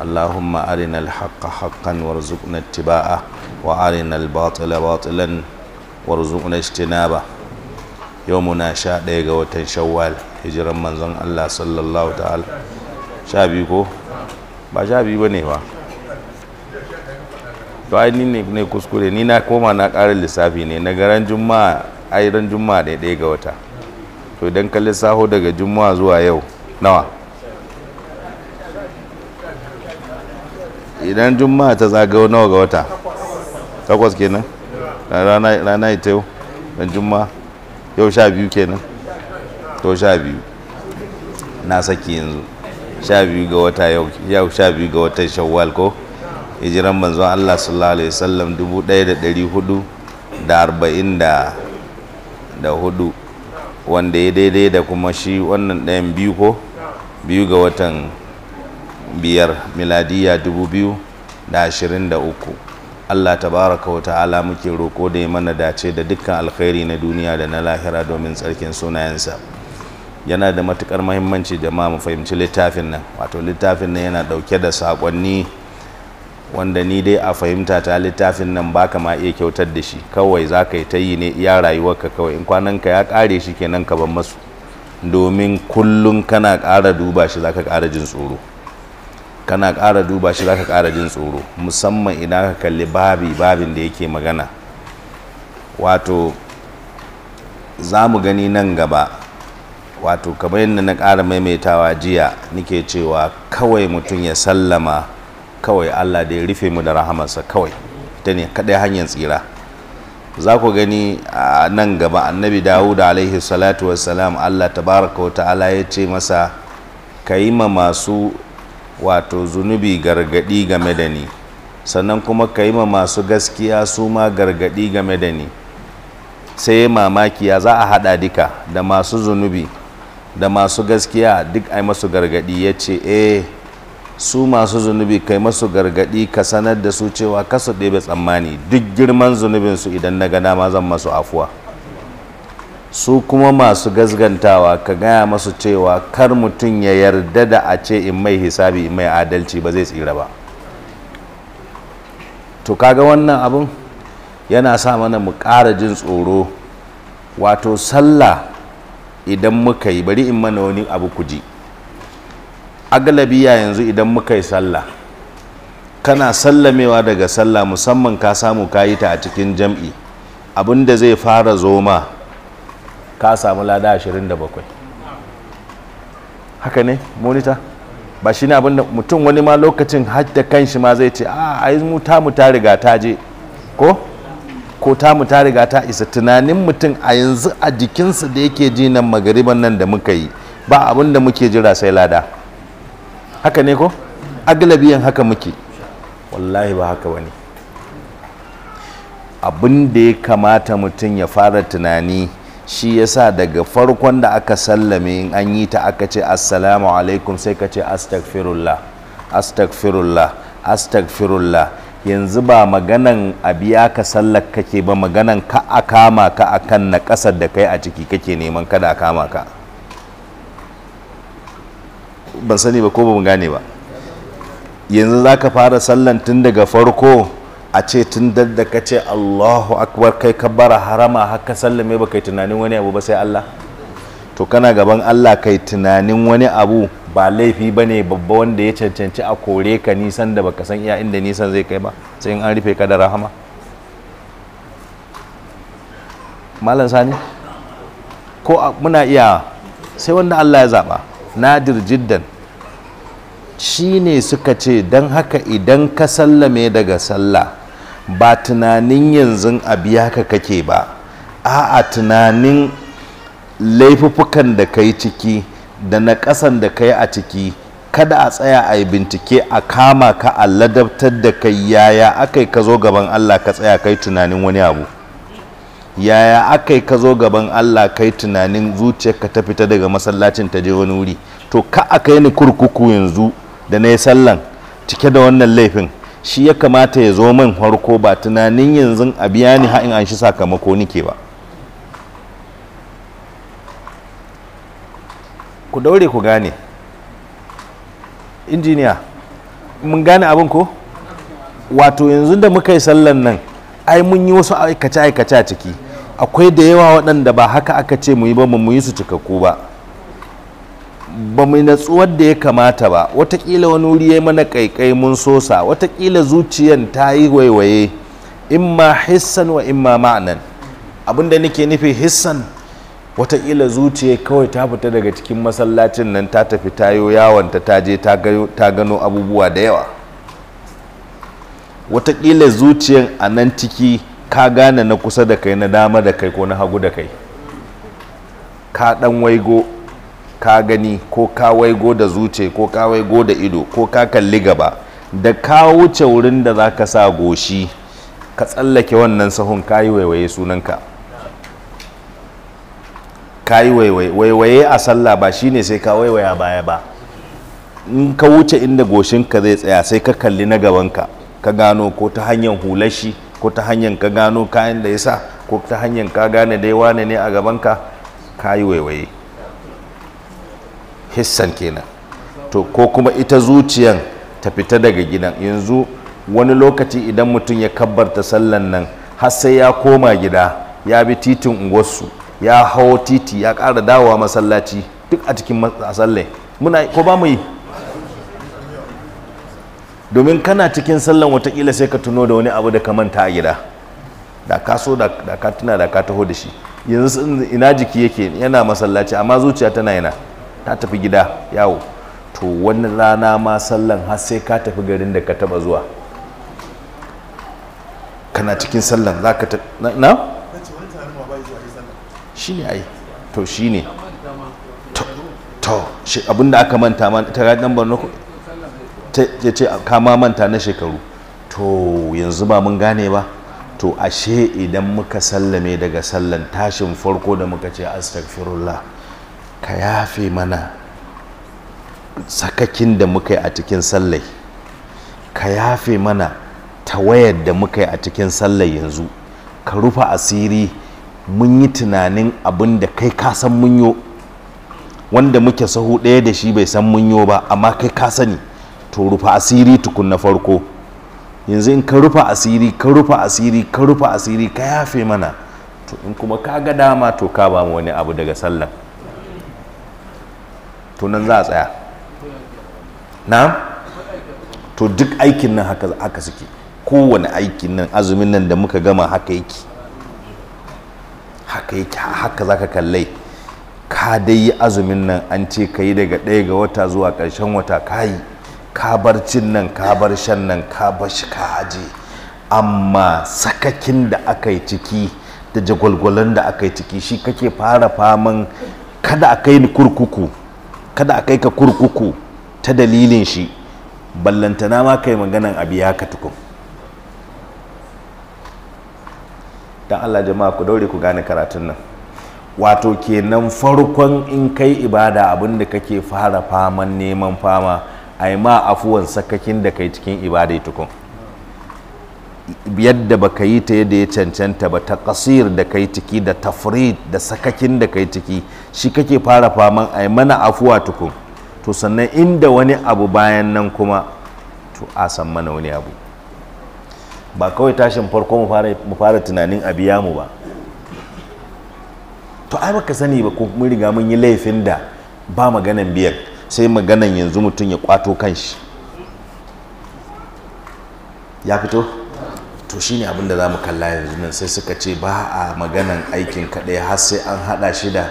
اللهم أرنا الحق حقا وارزقنا اتباعه وأرنا الباطل باطلا وارزقنا اجتنابه يومنا شاء ديغا وتن شوال هجر منزون الله صلى الله تعالى شابيكو با شابي ba ne to ai nini ne kuskure ni na koma na karin lissafi ne na garan juma'a ai ran juma'a ɗaya ga wata to idan ka lissaho daga juma'a zuwa yau nawa idan juma'a ta zagayo nawa ga wata takwas kenan rana ita yau dan juma'a yau sha biyu kenan to sha biyu na saki yanzu sha biyu ga wata yau sha biyu ga watan shawwal ko hijiran manzo Allah sallallahu alaihi wasallam dubu da ɗari hudu da arba'in da da hudu wanda ya daidai da kuma shi wannan ɗayan biyu ko biyu ga watan biyar miladiya dubu biyu da ashirin da uku Allah tabaraka wa ta'ala muke roko da ya mana dace da dukkan alkhairi na duniya da na lahira domin tsarkin sunayensa yana da matukar mahimmanci jama'a mu fahimci littafin nan wato littafin nan yana ɗauke da sakonni wanda ni dai a fahimta ta littafin nan baka ma iya kyautar da shi kawai za ka yi ta yi ne iya rayuwarka kawai in kwananka ya kare shi kenan ka ban masu domin kullum kana ƙara duba shi za ka ƙara jin tsoro kana ƙara duba shi zaka ƙara jin tsoro musamman idan ka kalli babi babin da yake magana wato za mu gani nan gaba wato kamar yadda na ƙara maimaitawa jiya nike cewa kawai mutum ya sallama kawai allah da ya rufe mu da rahamarsa kawai ita ne kaɗai hanyar tsira za ku gani a nan gaba annabi dawuda alaihi salatu wassalam allah tabaraka wa ta'ala ya ce masa ka yi ma masu wato zunubi gargadi game da ni sannan kuma ka yi ma masu gaskiya su ma gargadi game da ni sai mamaki ya za a haɗa duka da masu zunubi da masu gaskiya duk ai masu gargadi ya ce eh su masu zunubi kai masu gargadi ka sanar da su cewa kasu ɗebe tsammani duk girman zunubinsu idan na ga ma zan masu afuwa su kuma masu gazgantawa ka gaya masu cewa kar mutum ya yarda da a ce in mai hisabi in mai adalci ba zai tsira ba to kaga wannan abin yana sa mana mu ƙara jin tsoro wato sallah idan muka yi bari in mana wani abu ku ji agalabiya yanzu idan muka yi sallah kana sallamewa daga sallah musamman ka samu ka yi ta a cikin jam'i abin da zai fara zoma ka samu lada 27 haka ne monita ba shi ne abinda mutum wani ma lokacin kan kanshi ma zai ce a ah, ai mu ta mu ta riga ta je ko ko ta mu ta riga ta isa tunanin mutum a yanzu a jikinsa da yake ji nan magariban nan da muka yi ba abin da muke jira sai lada haka ne ko agalabiyan haka muke wallahi ba haka wani abin da ya kamata mutum ya fara tunani shi yasa daga farkon da aka sallame in an yi ta aka ce assalamu alaikum sai ka ce astagfirullah astagfirullah astagfirullah yanzu ba maganan ya ka sallar kake ba maganan ka a kama ka akan na ƙasar da kai a ciki kake neman kada a kama ka ban sani ba ko ba gane ba yanzu za ka fara sallan tun daga farko a ce tun da ka ce Allahu akbar kai ka bara harama haka sallame ba kai tunanin wani abu ba sai Allah to kana gaban Allah kai tunanin wani abu ba laifi ba ne babba wanda ya cancanci a kore ka nisan da baka san iya inda nisan zai kai ba sai in an rufe ka da rahama malam sani ko muna iya sai wanda Allah ya zaba nadir jiddan shi ne suka ce don haka idan ka sallame daga sallah ba tunanin yanzu a biya ka kake ba a'a tunanin laifuffukan da ka yi ciki da na ƙasan da ka yi a ciki kada a tsaya a yi bincike a kama ka a ladabtar da kai yaya aka yi ka zo gaban allah ka tsaya kai tunanin wani abu yaya aka yi ka zo gaban allah kai tunanin zuciyarka ta fita daga masallacin ta je wani wuri to ka a kai ni kurkuku yanzu da na yi sallan cike da wannan laifin shi ya kamata ya zo man harko ba tunanin yanzu a biya ni ha'in an shi sakamako nike ba ku daure ku gane injiniya mun gane abin ko wato yanzu da muka yi sallan nan ai mun yi wasu aikace-aikace a ciki akwai da yawa waɗanda ba haka aka ce mu yi ba mu yi su cikakku ba ba mu natsuwar da ya kamata ba watakila wani wuri ya mana kaikai mun sosa watakila zuciyan ta yi waiwaye imma hissan wa imma ma'anan abinda nake nufi hissan watakila zuciya kawai ta fita daga cikin masallacin nan ta tafi tayo yawon ta je ta gano abubuwa da yawa watakila zuciyan a nan ciki ka gane na kusa da kai na dama da kai ko na hagu da kai ka ɗan waigo ka gani ko ka waigo da zuce ko ka waigo da ido ko ka kalli gaba da ka wuce wurin da za ka sa goshi ka tsallake wannan sahun ka yi waiwaye sunanka ka yi waiwaye a sallah ba shine sai ka waiwaya baya ba in ka wuce inda goshin ka zai tsaya sai ka kalli na gabanka ka gano ko ta hanyar hulashi ko ta hanyar ka gano kayan da ya sa ko ta hanyar ka gane dai wane ne a gabanka ka yi waiwaye hissan kenan to ko kuma ita zuciyan ta fita daga gidan yanzu wani lokaci idan mutum ya kabbarta sallan nan har sai ya koma gida ya bi titin unguwarsu ya hawo titi ya ƙara dawowa masallaci duk a cikin sallai muna ko ba mu yi domin kana cikin sallan watakila sai ka tuno da wani abu da ka manta a gida da ka so da ka tuna da ka taho da shi yanzu ina jiki yake yana masallaci amma zuciya tana yana ta tafi gida yawo to wani rana ma sallan har sai ka tafi garin da ka taba zuwa kana cikin sallan za ka na? shi ne ai to shi ne to shi abinda aka manta man ta gadon borno ya ce kama manta na shekaru to yanzu ba mun gane ba to ashe idan muka sallame daga sallan tashin farko da muka ce astagfirullah ka yafe mana sakakin da muka yi a cikin sallai ka yafe mana tawayar da muka yi a cikin sallai yanzu ka rufe asiri mun yi tunanin abin da kai ka san munyo wanda muke sahu ɗaya da shi bai san munyo ba amma kai ka sani to rufe asiri tukun na farko yanzu in ka rufe asiri ka rufe asiri ka rufe asiri ka yafe mana to in kuma ka ga dama to ka ba mu wani abu daga sallah to za a tsaya na to duk aikin nan haka suke kowane aikin nan azumin nan da muka gama haka yake haka yake haka za ka kallai ka dai yi azumin nan an ce ka yi daga ɗaya ga wata zuwa ƙarshen wata ka yi ka bar cin nan ka bar shan nan ka bar shi ka haje amma sakakin da aka yi ciki da jagwalgwalon da aka yi ciki shi kake fara faman kada a kai ni kurkuku kada a kai ka kurkuku ta dalilin shi ballantana ma kai maganan abu ya ka tukun Allah jama'a ku daure ku gane karatun nan wato kenan farkon in kai ibada abin da kake fara faman neman fama yi ma afuwan sakakin da kai cikin ibada tukun yadda baka yi ta yadda ya cancanta ba ta kasir da kai ciki da tafrid da sakakin da kai ciki shi kake fara faman a mana afuwa tukun to sannan inda wani abu bayan nan kuma to a san mana wani abu ba kawai tashin farko mu fara tunanin a biya mu ba to ai baka sani ba ko mun riga mun yi laifin da ba maganan biyar sai maganan yanzu mutum ya kwato kanshi ya fito to shine abin da za mu kalla yanzu nan sai suka ce ba a maganan aikin kaɗai har sai an haɗa shi da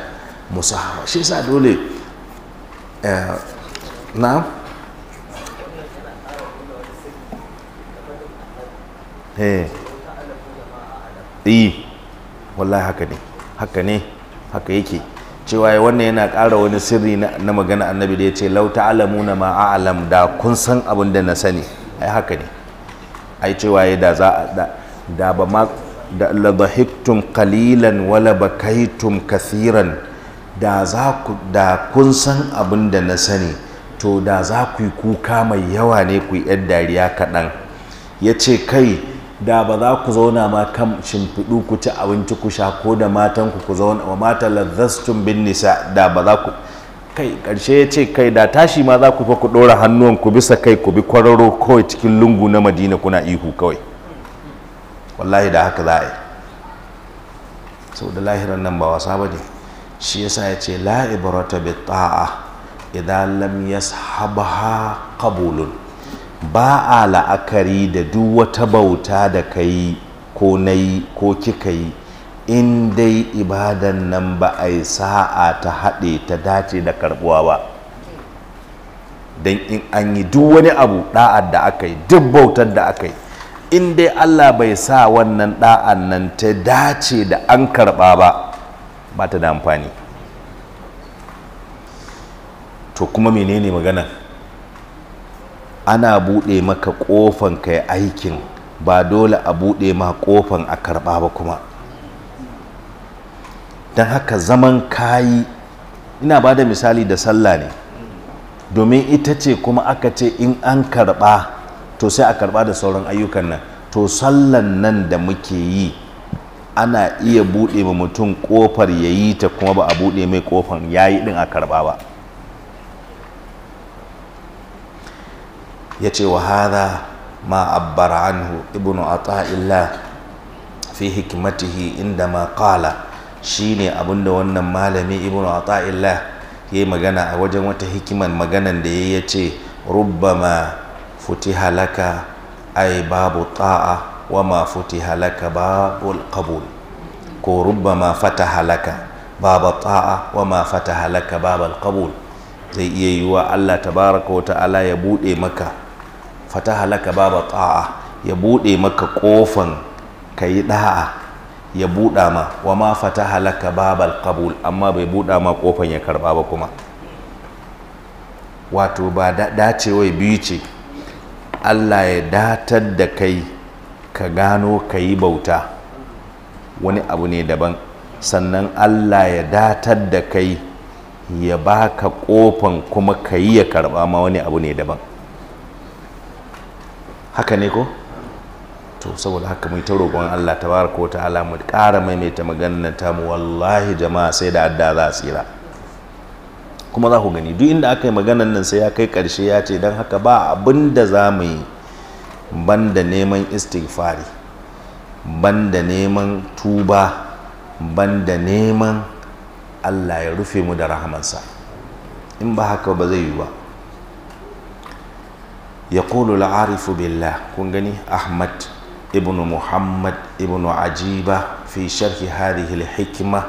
musahara shi sa dole eh, na yi eh, eh, wallahi haka ne haka ne haka yake cewa ya wannan yana ƙara wani sirri na magana annabi da ya ce lau ta'alamu na ma'a'alam da kun san abin da na sani ai haka ne ai cewa ya da za a da ba ma da la dhahiktum wala bakaitum kathiran da za ku da kun san abin da na sani to da za ku yi kuka mai yawa ne ku yi yan dariya kaɗan ya ce kai da ba za ku zauna ma kan shimfiɗu ku ci abinci ku sha ko da matan ku ku zauna wa mata lazzastun bin nisa da ba za ku kai ƙarshe ya ce kai da tashi ma za ku fa ku ɗora hannuwan ku bisa kai ku bi kwararo kawai cikin lungu na madina kuna ihu kawai wallahi da haka za a yi sau da lahiran nan ba wasa ba ne shi yasa ya ce la bi ta'a idan lam yashabha qabulun ba a la'akari da duk wata bauta da kai ko nayi ko kika yi in dai ibadan nan ba a yi sa'a ta haɗe ta dace da karbuwa ba don in an yi duk wani abu da'ar da aka yi duk bautar da aka yi in dai Allah bai sa wannan da'an nan ta dace da an karɓa ba bata da amfani to kuma menene magana ana buɗe maka ƙofan kai aikin ba dole a buɗe ma ƙofan a karɓa ba kuma don haka zaman kayi ina bada misali da sallah ne domin ita ce kuma aka ce in an karɓa to sai a karɓa da sauran ayyukan nan to sallan nan da muke yi ana iya buɗe ma mutum ƙofar ya yi ta kuma ba a buɗe mai ƙofar ya yi ɗin a karɓa ba ya ce wa hada ma abbara anhu ibnu ata'illah fi hikimatihi inda ma shi shine abinda wannan malami ibnu ata'illah ya yi magana a wajen wata hikiman maganan da ya yi ya ce ma fiti halaka ai babu ta'a wa ma futiha laka babul qabul ko rubbama baba ta'a wa ma fata laka babal qabul zai iya yiwa Allah tabaraka wa ta'ala ya buɗe maka fata laka baba ta'a ya bude maka kofan kai da'a ya buda ma wa ma babal qabul amma bai buda ma kofan ya karba ba kuma wato ba dacewai biyu ce Allah ya datar da kai ka gano ka yi bauta wani abu ne daban sannan allah ya datar da kai ya baka kofan kuma ka yi ya karba ma wani abu ne daban haka ne ko to saboda haka mai ta roƙon allah ta baraka ta'ala mu ƙara maimaita maganar mu wallahi jama'a sai da adda za a tsira kuma za ku gani duk inda aka yi maganar nan sai ya kai ƙarshe ya ce don haka ba abin da za mu yi banda neman istighfari banda neman tuba banda neman Allah ya rufe mu da rahamansa in ba haka ba zai yi ba ya ƙulu la'arifu billah kun gani ahmad ibn muhammad ibn ajiba fi sharhi harihil hikima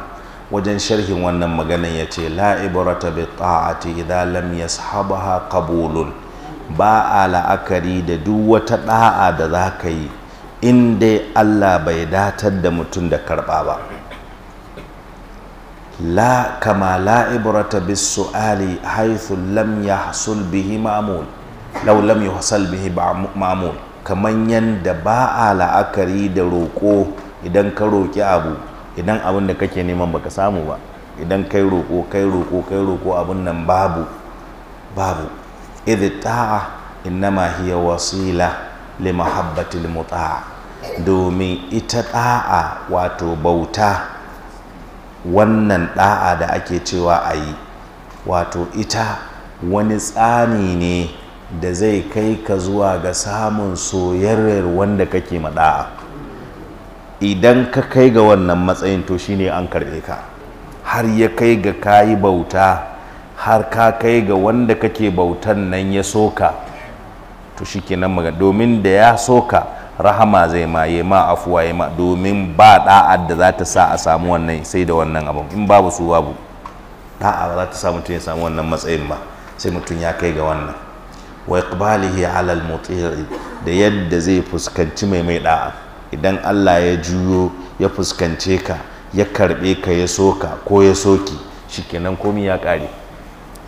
wajen sharhin wannan maganan ya ce la ibrata bi ta'ati idza lam yashabaha qabulun ba a la'akari da duk wata ɗa'a da za ka yi in dai Allah bai datar da mutum da karɓa ba la kama la ibrata bis su'ali haythu lam yahsul bihi ma'mul law lam bihi ma'mul kaman yanda ba a la'akari da roƙo idan ka roƙi abu idan abin da kake neman baka samu ba idan kai roƙo kai roƙo kai roƙo abin nan babu babu idh ta'a innama hiya wasila li mahabbatil muta'a domin ita ɗa'a wato bauta wannan ɗa'a da ake cewa a yi wato ita wani tsani ne da zai kai ka zuwa ga samun soyayyar wanda kake ma da'a idan ka kai ga wannan matsayin to shine an karɓe ka har ya kai ga kayi bauta har ka kai ga wanda kake bautan nan ya soka to shikenan maga domin da ya soka rahama zai ma yi ma afuwa ya ma domin ba da'ar da za ta sa a samu wannan sai da wannan abu in babu su babu da'a za ta sa mutum ya samu wannan matsayin ba sai mutum ya kai ga wannan wa iqbalihi ala al da yadda zai fuskanci mai mai da'a idan Allah ya juyo ya fuskance ka ya karbe ka ya soka ko ya soki shikenan komai ya kare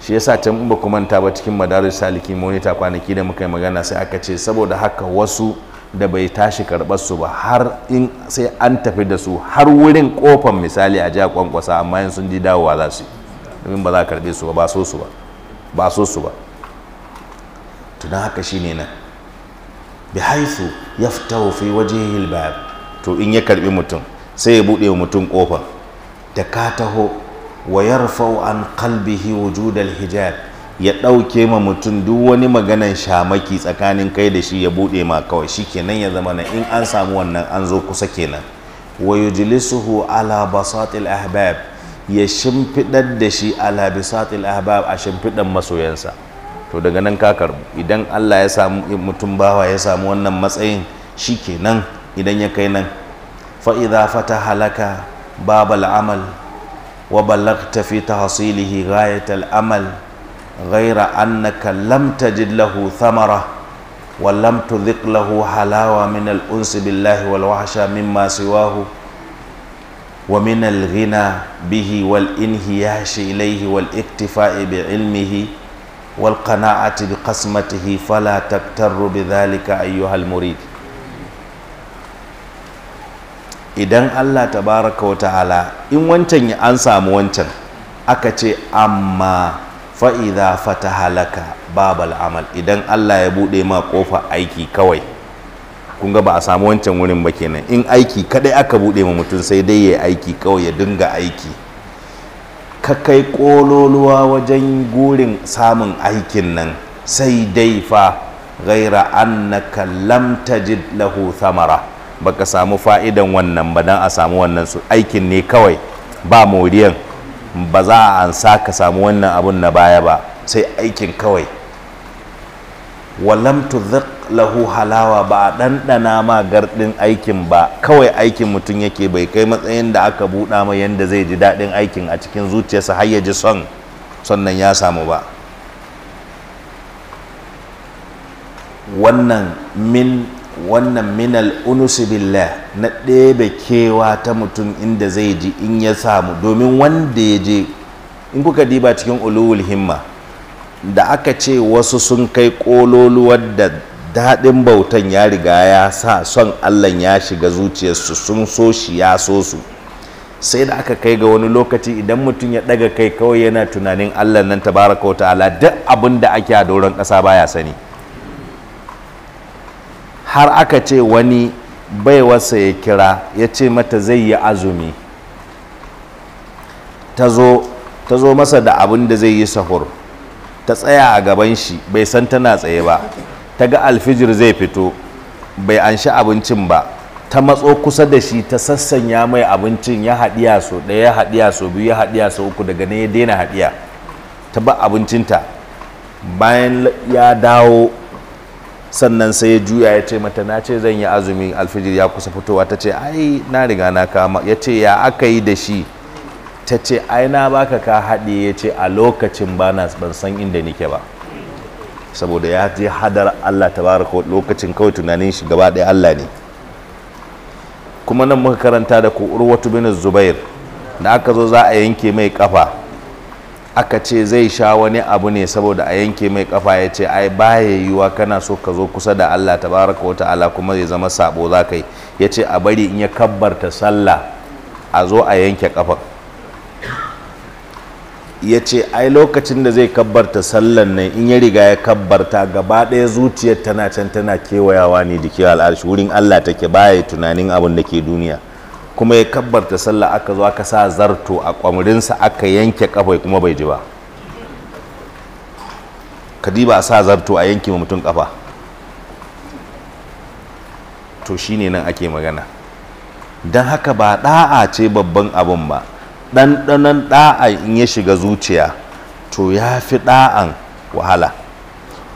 shi yasa can ba ku manta ba cikin madaris saliki monita kwanaki da muka yi magana sai aka ce saboda haka wasu da bai tashi karɓar su ba har in sai an tafi da su har wurin kofan misali a jiya kwankwasa amma yin sun ji dawowa za su yi ba za a karɓe su ba ba so su ba ba so su ba tunan haka shi ne nan bi haifu yaftahu fi waje to in ya karɓi mutum sai ya buɗe mutum kofa da ka taho wa rufau an kalbihi wujudal hijab ya ɗauke ma mutum duk wani maganan shamaki tsakanin kai da shi ya buɗe ma kawai shi kenan ya zama na in an samu wannan an zo kusa kenan wa hu ala basatil ahbab ya shimfiɗar da shi ala ahbab a shimfiɗan masoyansa to daga nan ka idan Allah ya samu mutum bawa ya samu wannan matsayin shi kenan idan ya kai nan fa idza fataha laka babal amal وبلغت في تحصيله غاية الأمل غير أنك لم تجد له ثمرة ولم تذق له حلاوة من الأنس بالله والوحشة مما سواه ومن الغنى به والانهياش إليه والاكتفاء بعلمه والقناعة بقسمته فلا تكتر بذلك أيها المريد idan Allah ta baraka wa ta'ala in wancan ya an samu wancan aka ce amma fa'iza fata halaka babal amal idan Allah ya buɗe ma ƙofa aiki kawai kun ga ba a samu wancan wurin ba kenan in aiki kadai aka buɗe ma mutum sai dai ya aiki kawai ya dinga aiki ka kai ƙololuwa wajen gurin samun aikin nan sai dai fa gaira annaka lam tajid lahu thamara baka samu fa'idan wannan ba dan a samu wannan su aikin ne kawai ba moriyan ba za a ansa ka samu wannan abun na baya ba sai aikin kawai walam tuzaq lahu halawa ba ɗanɗana ma gardin aikin ba kawai aikin mutum yake bai kai matsayin da aka buɗa mai yadda zai ji daɗin aikin a cikin zuciyarsa har ya ji son sannan ya samu ba wannan min wannan minal unusu billah na ɗebe kewa ta mutum inda zai ji in ya samu domin wanda ya je in kuka diba cikin uluwul himma da aka ce wasu sun kai ƙololuwar da daɗin bautan ya riga ya sa son allah ya shiga zuciyarsu sun so shi ya so su sai da aka kai ga wani lokaci idan mutum ya ɗaga kai kawai yana tunanin allah nan tabaraka wata ala duk abin da ake a doron ƙasa baya sani har aka ce wani baiwarsa ya kira ya ce mata zai yi azumi ta zo masa da abin da zai yi sahur ta tsaya a gaban shi bai san tana tsaye ba ta ga alfijir zai fito bai anshi abincin ba ta matso kusa da shi ta sassanya mai abincin ya haɗiya so ɗaya ya haɗiya so biyu ya haɗiya so uku daga ne ya daina haɗiya ta ba abincinta bayan ya dawo sannan sai ya juya ya ce mata na ce zan yi azumi alfijir ya kusa fitowa ta ce ai na riga na kama ya ce ya aka yi da shi ta ce ai na baka ka haɗe ya ce a lokacin ba na ban san inda nike ba saboda ya je hadar Allah ta baraka lokacin kawai tunanin shi gaba ɗaya Allah ne kuma nan muka karanta da ku urwatu bin zubair da aka zo za a yanke mai kafa aka ce zai sha wani abu ne saboda a yanke mai kafa ya ce ai baya yiwuwa kana so ka zo kusa da Allah ta baraka wata ala kuma zai zama sabo za ka yi ya ce a bari in ya kabbarta sallah a zo a yanke kafa ya ce ai lokacin da zai kabbarta sallan nan in ya riga ya kabbarta gaba ɗaya zuciyar tana can tana kewayawa ne da kewa al'arshi wurin Allah take baya tunanin abin da ke duniya kuma ya kabbarta sallah aka zo aka sa zarto a kwamurinsa aka yanke kafa kuma bai ji ba kadiba a sa zarto a yanke ma mutum kafa to shine nan ake magana don haka ba da'a ce babban abin ba ɗanɗanon da'a in ya shiga zuciya to ya fi da'an wahala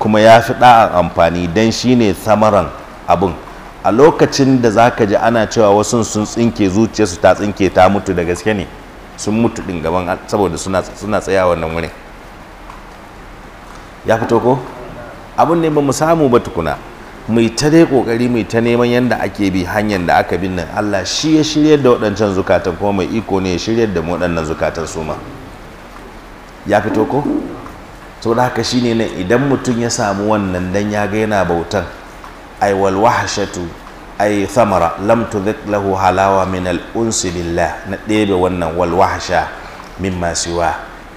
kuma ya fi da'an amfani don shine samaran abin a lokacin da zaka ji ana cewa wasu sun tsinke zuciyarsu ta tsinke ta mutu da gaske ne sun mutu din gaban saboda suna suna tsaya wannan wuri ya fito ko abin ne ba mu samu ba tukuna mai ta dai kokari mai ta neman yadda ake bi hanyar da aka bin nan Allah shi ya shiryar da waɗancan zukatan kuma mai iko ne ya shiryar da mu waɗannan zukatan su ma ya fito ko da haka shine nan idan mutum ya samu wannan dan ya ga yana bautan ay wal wahshatu ay thamara lam tudhik lahu halawa min al unsi billah na ɗebe wannan wal wahsha mimma siwa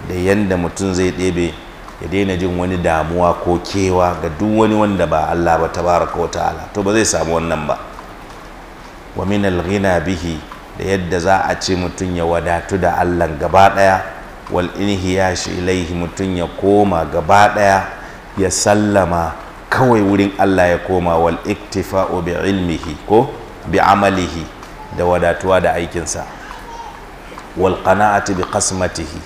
da yanda mutum zai ɗebe ya daina jin wani damuwa ko kewa ga duk wani wanda ba Allah ba tabaraka wa ta'ala to ba zai samu wannan ba wa min al ghina bihi da yadda za a ce mutum ya wadatu da Allah gaba daya wal inhiyashi ilaihi mutum ya koma gaba daya ya sallama kawai wurin Allah ya koma wal iktifa'u bi ilmihi ko bi amalihi da wadatuwa da aikinsa wal qana'ati bi qasmatihi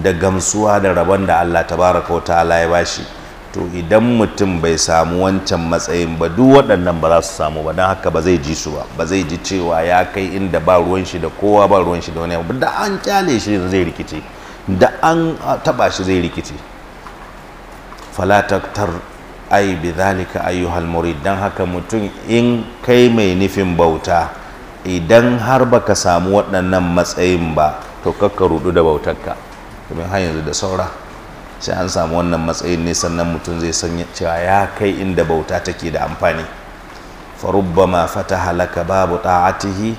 da gamsuwa da rabon da Allah tabaraka wa ta'ala ya bashi to idan mutum bai samu wancan matsayin ba duk waɗannan ba za su samu ba don haka ba zai ji su ba ba zai ji cewa ya kai inda ba ruwan shi da kowa ba ruwan shi da wani abu. da an kyale shi zai rikice da an taba shi zai rikice falataktar ai bi zalika ayyuhal murid dan haka mutum in kai mai nufin bauta idan har baka samu waɗannan matsayin ba to kakka rudu da bautarka domin har yanzu da saura sai an samu wannan matsayin ne sannan mutum zai san cewa ya kai inda bauta take da amfani ma fata laka babu ta'atihi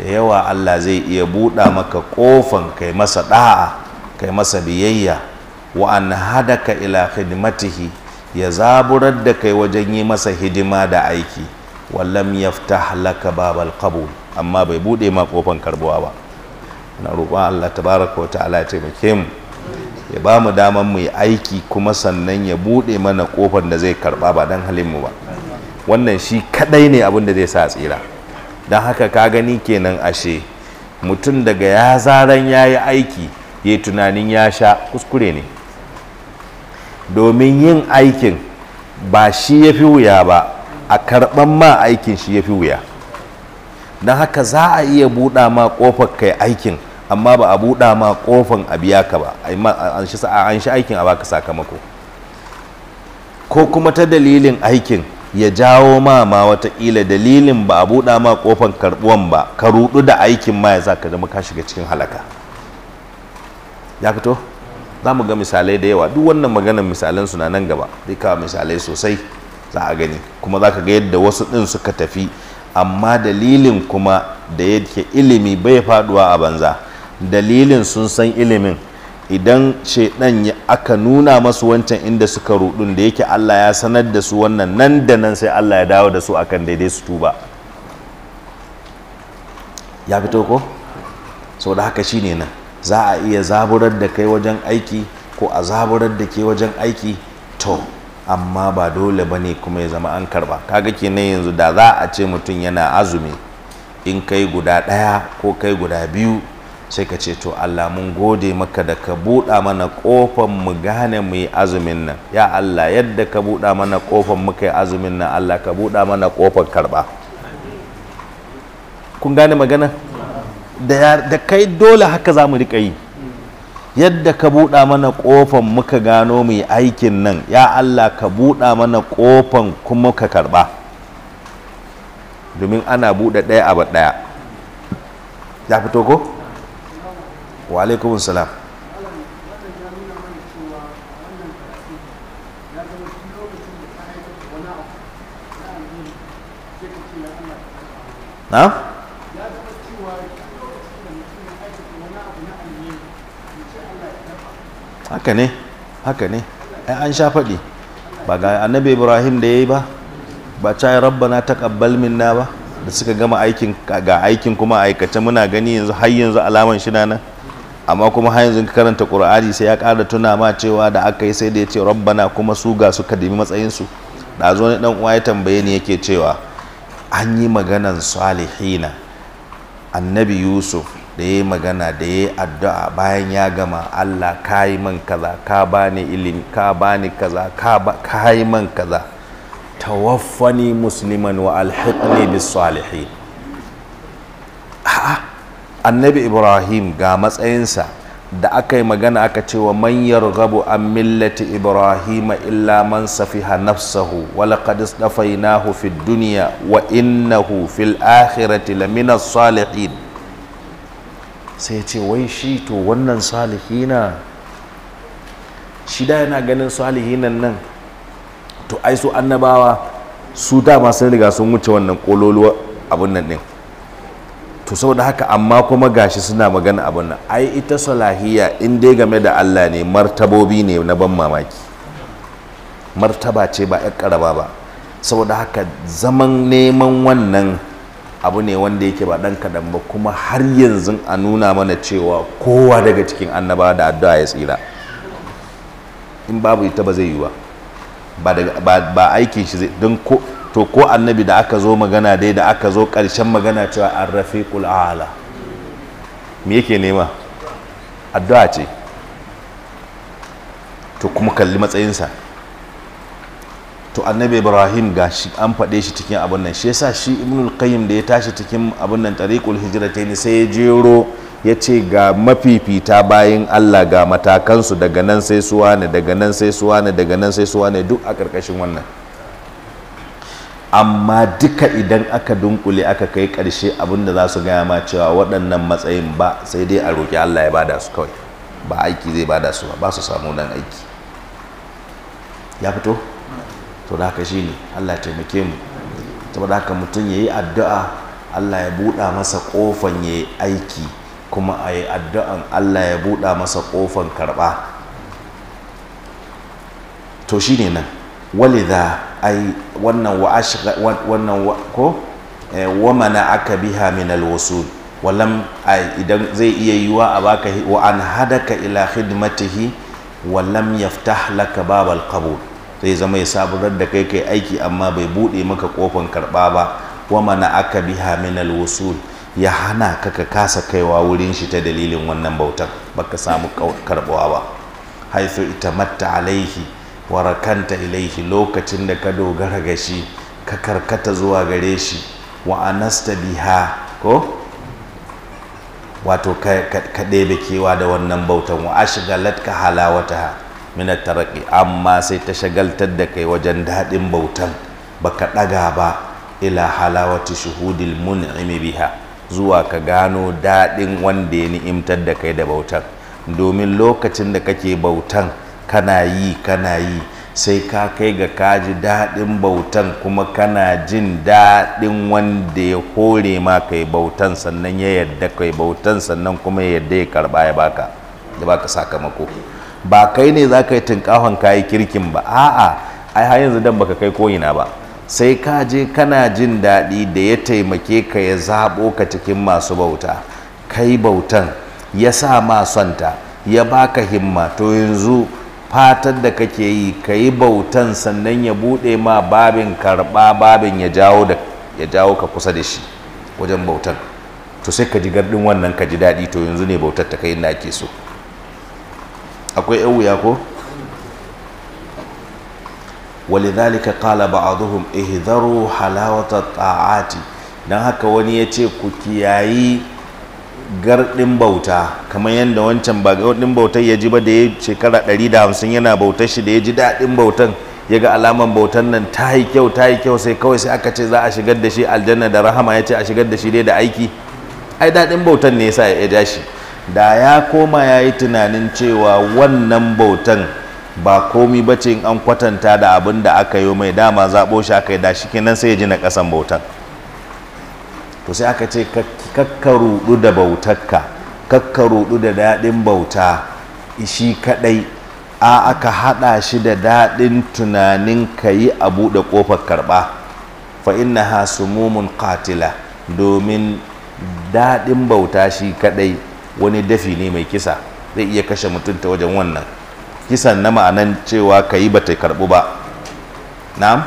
da yawa Allah zai iya buɗa maka ƙofan kai masa ɗa'a kai masa biyayya wa an hadaka ila khidmatihi ya zaburar da kai wajen yi masa hidima da aiki wallam fita halaka babal kabu. amma bai bude ma kofan karbuwa ba na roƙon Allah tabaraka wa ta'ala ya taimake mu ya ba mu daman mu yi aiki kuma sannan ya bude mana kofar da zai karba ba dan halin mu ba wannan shi kadai ne abin da zai sa tsira don haka ka gani kenan ashe mutum daga ya zaran ya yi aiki ya tunanin ya sha kuskure ne domin yin aikin ba shi ya fi wuya ba a karɓan ma aikin shi ya fi wuya na haka za a iya buɗa ma ƙofar kai aikin amma ba a buɗa ma ƙofan a biya ka ba an shi aikin a baka sakamako ko kuma ta dalilin aikin ya jawo ma ma watakila dalilin ba a buɗa ma ƙofan karɓuwan ba ka ruɗu da aikin ma ya za ka zama ka shiga cikin halaka ya fito za mu ga misalai da yawa duk wannan maganar misalan su na nan gaba zai kawo misalai sosai za a gani kuma za ka ga yadda wasu ɗin suka tafi amma dalilin kuma da yake ilimi bai faduwa a banza dalilin sun san ilimin idan shaidan ya aka nuna masu wancan inda suka rudun da yake Allah ya sanar da su wannan nan da nan sai Allah ya dawo da su akan daidai su tuba ya fito ko sau da haka shine nan za a iya zaburar da kai wajen aiki ko a zaburar da ke wajen aiki to amma ba dole ba ne kuma ya zama an karba kaga kenan yanzu da za a ce mutum yana azumi in kai guda ɗaya ko kai guda biyu sai ka ce to Allah mun gode maka da ka buɗa mana ƙofar mu gane mu yi azumin nan ya Allah yadda ka buɗa mana ƙofan muka yi azumin nan Allah ka buɗa mana ƙofan karɓa kun gane magana da kai dole haka za mu riƙa yi yadda ka buɗa mana ƙofan muka gano mai aikin nan ya Allah ka buɗa mana ƙofan kuma ka karɓa domin ana buɗe ɗaya abu ɗaya ya fito ko? wa alaikun salam na? haka ne haka ne ai an sha faɗi ba ga annabi ibrahim da ya yi ba ba ta rabbana taqabbal minna ba da suka gama aikin ga aikin kuma aikace muna gani yanzu har yanzu alaman shi na nan amma kuma har yanzu karanta qur'ani sai ya ƙara tuna ma cewa da aka yi sai da ya ce rabbana kuma su ga suka dimi matsayin su da zo ne dan uwa ya tambaye ni yake cewa an yi maganan salihina annabi yusuf da ya magana da ya addu'a bayan ya gama Allah ka yi man kaza ka bani ilimi ka bani kaza ka yi man kaza tawaffani musliman wa alhiqni bis salihin annabi ibrahim ga matsayinsa da aka yi magana aka ce wa man yarghabu an millati ibrahim illa man safiha nafsahu wa laqad istafainahu fid dunya wa innahu fil akhirati lamina salihin sai ya ce wai shi to wannan salihina shi da yana ganin salihinan nan to ai su annabawa su dama sun riga sun wuce wannan kololuwa abin nan din to saboda haka amma kuma gashi suna magana abin nan ai ita salahiya in dai game da Allah ne martabobi ne na ban mamaki martaba ce ba 'yar karaba ba saboda haka zaman neman wannan abu ne wanda yake ba ɗan kaɗan ba kuma har yanzu a nuna mana cewa kowa daga cikin annaba da addu'a ya tsira in babu ita ba zai yi ba ba aikin shi zai don ko to ko annabi da aka zo magana dai da aka zo ƙarshen magana cewa an rafi ala me yake nema addu'a ce to kuma kalli matsayinsa to annabi ibrahim ga shi an faɗe shi cikin abin nan shi yasa shi ibnul qayyim da ya tashi cikin abin nan tariqul ne sai ya jero ya ce ga mafifita bayan Allah ga matakansu daga nan sai suwa ne daga nan sai suwa ne daga nan sai suwa ne duk a ƙarƙashin wannan amma duka idan aka dunkule aka kai ƙarshe abin da za su gaya ma cewa waɗannan matsayin ba sai dai a roƙi Allah ya bada su kawai ba aiki zai bada su ba ba su samu nan aiki ya fito to da haka shine Allah ya taimake mu saboda haka mutum yayi addu'a Allah ya buɗa masa ƙofan yi aiki kuma a yi addu'an Allah ya buɗa masa ƙofan karɓa to shi ne nan walidha ai wannan wa ashgha wannan ko eh, wa mana aka biha min alwusul walam idan zai iya yiwa a baka wa an hadaka ila khidmatihi walam yaftah laka babal qabul zai zama ya saburar da kai kai aiki amma bai buɗe maka kofan karba ba wa mana aka bi min alwusul ya hana ka ka kasa kaiwa wurin shi ta dalilin wannan bautar baka samu karɓuwa ba haifu ita mata alaihi warakanta ilaihi lokacin da ka dogara ga shi ka karkata zuwa gare shi wa anasta biha ko wato ka ɗebe kewa da wannan bautan wa ashigalat ka halawata mina taraki amma sai ta shagaltar da kai wajen daɗin bautan baka ɗaga ba ila halawati shuhudil mun'imi biha zuwa ka gano daɗin wanda ya ni'imtar da kai da bautan domin lokacin da kake bautan kana yi kana yi sai ka kai ga kaji daɗin bautan kuma kana jin daɗin wanda ya hore ma kai bautan sannan ya yarda kai bautan sannan kuma ya yarda ya karba ya baka ya baka sakamako ba kai ne za ka yi tunkahon kayi kirkin ba a'a ai har yanzu dan baka kai ko'ina ba sai ka je kana jin daɗi da ya taimake ka ya zaɓo ka cikin masu bauta kai bautan ya sa ma sonta ya baka himma to yanzu fatar da kake yi ka yi bautan sannan ya buɗe ma babin karɓa babin ya jawo ka kusa da shi wajen bautan to sai ka ji gardin wannan ka ji daɗi to yanzu ne bautar ta kai inda ake so akwai yan wuya ko walidhalika qala ba'dhum ihdaru halawata ta'ati dan haka wani ya ce ku kiyayi gardin bauta kamar yadda wancan ba gardin bautar ya ji ba da ya shekara 150 yana bautar shi da ya ji daɗin bautan ya ga alaman bautan nan ta yi kyau ta yi kyau sai kawai sai aka ce za a shigar da shi aljanna da rahama ya ce a shigar da shi dai da aiki ai daɗin bautan ne yasa ya ja shi da ya koma ya yi tunanin cewa wannan bautan ba komi bace in an kwatanta da abin da aka yi mai dama zaɓo shi aka yi da shi kenan sai ya ji na ƙasan bautan to sai aka ce kakka rudu da bautakka kakka rudu da daɗin bauta shi kaɗai a aka haɗa shi da daɗin tunanin ka yi a buɗe ƙofar karɓa fa inna ha sumumun katila domin daɗin bauta shi kaɗai wani dafi ne mai kisa zai iya kashe mutum ta wajen wannan kisan na ma'anan cewa ka yi bata karɓu ba na'am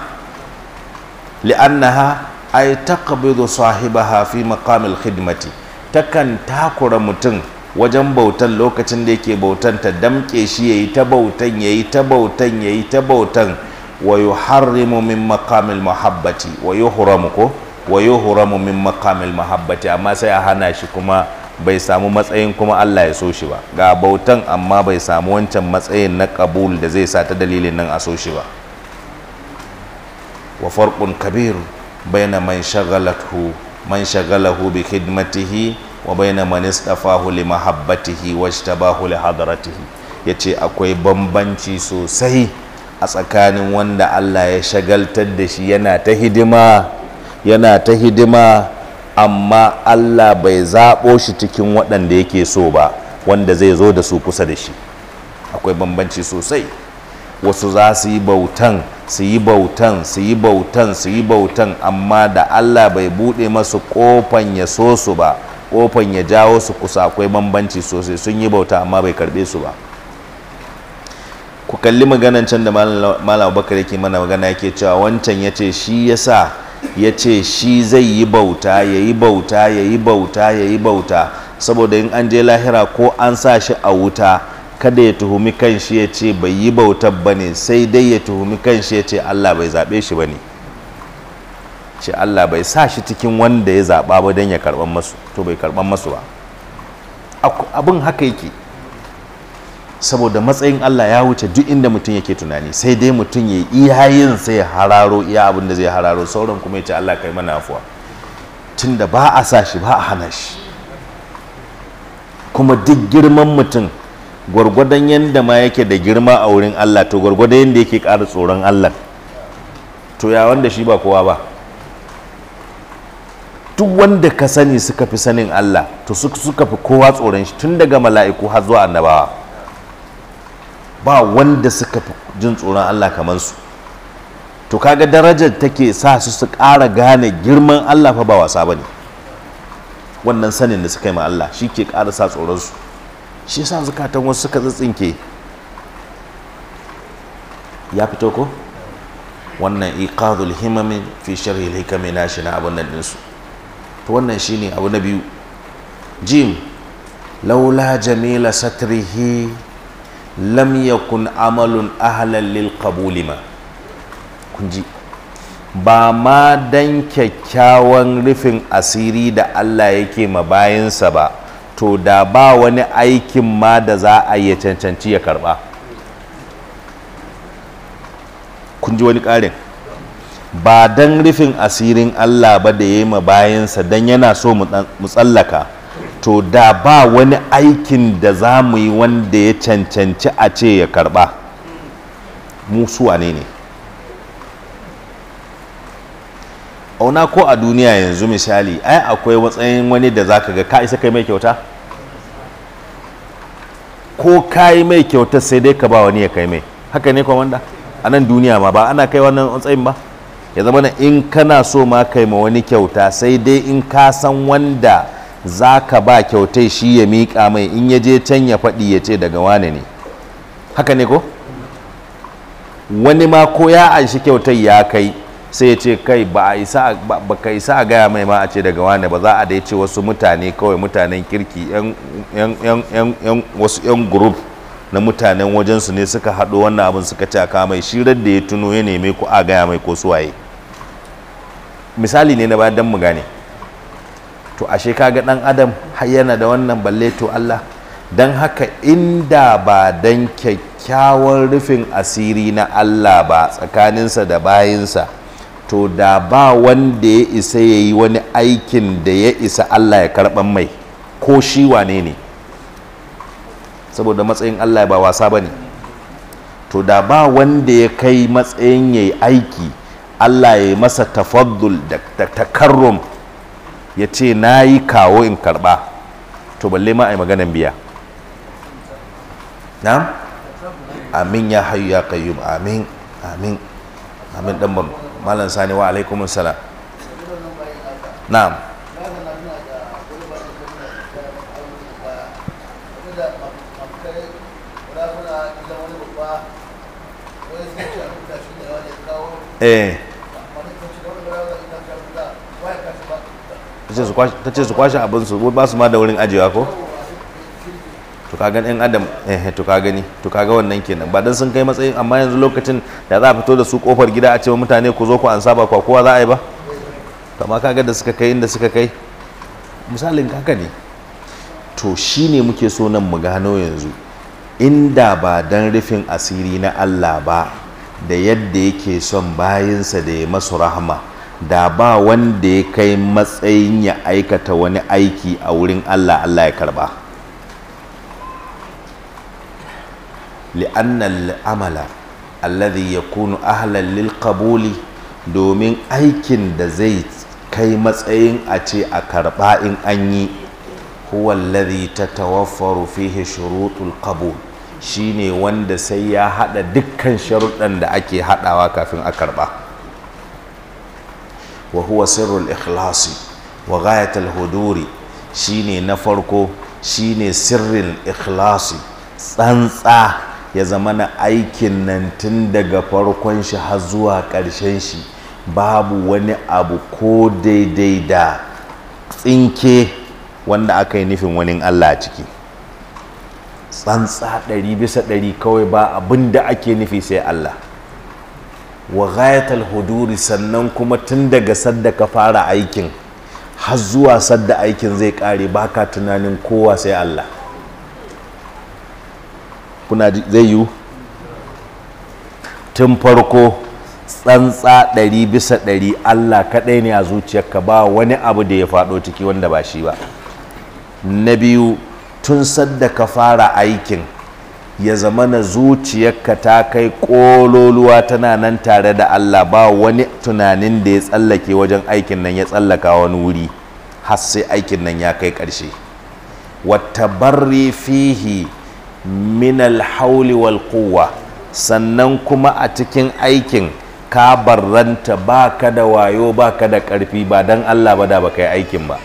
li'annaha ay taqbidu sahibaha fi maqamil khidmati takan takura mutum wajen bautan lokacin da yake bautan ta damke shi yayi ta bautan yayi ta bautan yayi ta bautan wa yuharrimu min maqamil muhabbati wa yuhramu ko wa yuhramu min maqamil muhabbati amma sai a hana shi kuma bai samu matsayin kuma Allah ya so shi ba ga bautan amma bai samu wancan matsayin na kabul da zai sa ta dalilin nan a so shi ba wa farqun kabir baina man shagalathu man shagalahu bi khidmatihi wa baina man istafahu li mahabbatihi wajtabahu li hadratihi yace akwai bambanci sosai a tsakanin wanda Allah ya shagaltar da shi yana ta hidima yana ta hidima amma Allah bai zaɓo shi cikin waɗanda yake so ba wanda zai zo da su kusa da shi akwai bambanci sosai wasu za su yi bautan su yi bautan su yi bautan su yi bautan amma da Allah bai buɗe masu ƙofan ya so su ba ƙofan ya jawo su kusa akwai bambanci sosai sun yi bauta amma bai karɓe su ba ku kalli maganan can da malam bakar yake mana magana yake cewa wancan ya ce shi ya sa ya ce shi zai yi bauta ya yi bauta ya yi bauta ya yi bauta saboda in an je lahira ko an sa shi a wuta kada ya tuhumi kan shi ya ce bai yi bautar ba ne sai dai ya tuhumi kan shi ya ce allah bai zaɓe shi ba ne ce allah bai sa shi cikin wanda ya zaɓa ba don ya karɓar masu to bai karɓar masu ba abin haka yake saboda matsayin Allah ya wuce duk inda mutum yake tunani sai dai mutum ya iya yin sai ya hararo iya abin da zai hararo sauran kuma ya ce Allah kai mana afuwa tunda ba a sa shi ba a hana shi kuma duk girman mutum gwargwadon yadda ma yake da girma a wurin Allah to gwargwadon yadda yake ƙara tsoron Allah to ya wanda shi ba kowa ba duk wanda ka sani suka fi sanin Allah to suka fi kowa tsoron shi tun daga mala'iku har zuwa annabawa ba wanda suka fi jin tsoron Allah kamar su to kaga darajar take sa su su ƙara gane girman Allah fa ba wasa bane wannan sanin da suka yi ma Allah shi ke ƙara sa tsoron su shi yasa zakatan wasu suka tsitsinke ya fito ko wannan iqadul himam fi sharhi hikami nashi na abun nan dinsu to wannan shine abu na biyu jim laula jamila satrihi lam yakun amalun ahlan lil qabuli ma ba ma dan kyakkyawan rufin asiri da Allah yake ma bayansa ba to da ba wani aikin ma da za a yi cancanci ya karba kunji wani ba dan rufin asirin Allah ba da yayi yi ma bayansa dan yana so mu tsallaka to da ba wani aikin da za mu yi wanda ya cancanci a ce ya karba Musuwa ne ne auna ko a duniya yanzu misali ai akwai matsayin wani da za ka ga ka isa kai mai kyauta ko ka yi mai kyauta sai dai ka ba wani ya kai mai haka ne kwamanda a nan duniya ma ba ana kai wannan matsayin ba ya zama in kana so ma kai ma wani kyauta sai dai in ka san wanda za ka ba kyautai shi ya miƙa mai in ya je can ya faɗi ya ce daga wane ne haka ne ko wani ma ko ya anshi kyautai ya kai sai ya ce kai ba ka isa a gaya mai ma a ce daga wane ba za a dai ce wasu mutane kawai mutanen kirki wasu yan gurup na mutanen wajensu ne suka haɗo wannan abin suka ce a mai shirar da ya tuno ya nemi ku a gaya mai ko suwaye misali ne na bayan don mu gane to ashe kaga dan adam yana da wannan balle to Allah dan haka inda ba dan kyakkyawan rufin asiri na Allah ba tsakaninsa da bayinsa to da ba wanda ya isa ya yi wani aikin da ya isa Allah ya karɓan mai ko shi wane ne saboda matsayin Allah ba wasa ba ne to da ba wanda ya kai matsayin ya yi aiki Allah ya yi masa tafaddul da takarrum ya ce na yi kawo in karɓa to balle ma a yi maganan biya na amin ya hayu ya kayyum amin amin amin ɗan bam malam sani wa alaikumun salam na'am eh ta ce su kwashe abin su ba su ma da wurin ajiyewa ko to ka gani ɗan adam eh to ka gani to ka ga wannan kenan ba dan sun kai matsayin amma yanzu lokacin da za a fito da su kofar gida a ce mutane ku zo ku ansa saba kwa kowa za a yi ba to ka kaga da suka kai inda suka kai misalin kaka ne to shine muke so nan mu gano yanzu inda ba dan rufin asiri na Allah ba da yadda yake son bayinsa da ya masu rahama da ba wanda ya kai matsayin ya aikata wani aiki a wurin Allah Allah ya karba li'anna amala alladhi yakunu ahlan lil qabuli domin aikin da zai kai matsayin a ce a karba in an yi huwa alladhi tatawaffaru fihi shurutul qabul shine wanda sai ya hada dukkan sharuɗan da ake hadawa kafin a karba wa huwa sirrul ikhlasi wa ghayatul huduri shine na farko shine sirrin ikhlasi tsantsa ya zama na aikin nan tun daga farkon shi har zuwa ƙarshen shi babu wani abu ko daidai da tsinke wanda aka yi nufin wani Allah a ciki tsantsa ɗari bisa ɗari kawai ba abin da ake nufi sai Allah wa ghayatal huduri sannan kuma tun daga sadda ka fara aikin har zuwa sadda aikin zai kare baka tunanin kowa sai Allah kuna zai yiwu tun farko tsantsa ɗari bisa ɗari Allah kaɗai ne a zuciyarka ba wani abu da ya faɗo ciki wanda ba shi ba na biyu tun sadda ka fara aikin ya zama na zuciyarka ta kai kololuwa tana nan tare da Allah ba wani tunanin da ya tsallake wajen aikin nan ya tsallaka wani wuri har sai aikin nan ya kai ƙarshe wata barri fihi min alhauli wal sannan kuma a cikin aikin ka barranta ba ka da wayo ba ka da ƙarfi ba don Allah ba da ba kai aikin ba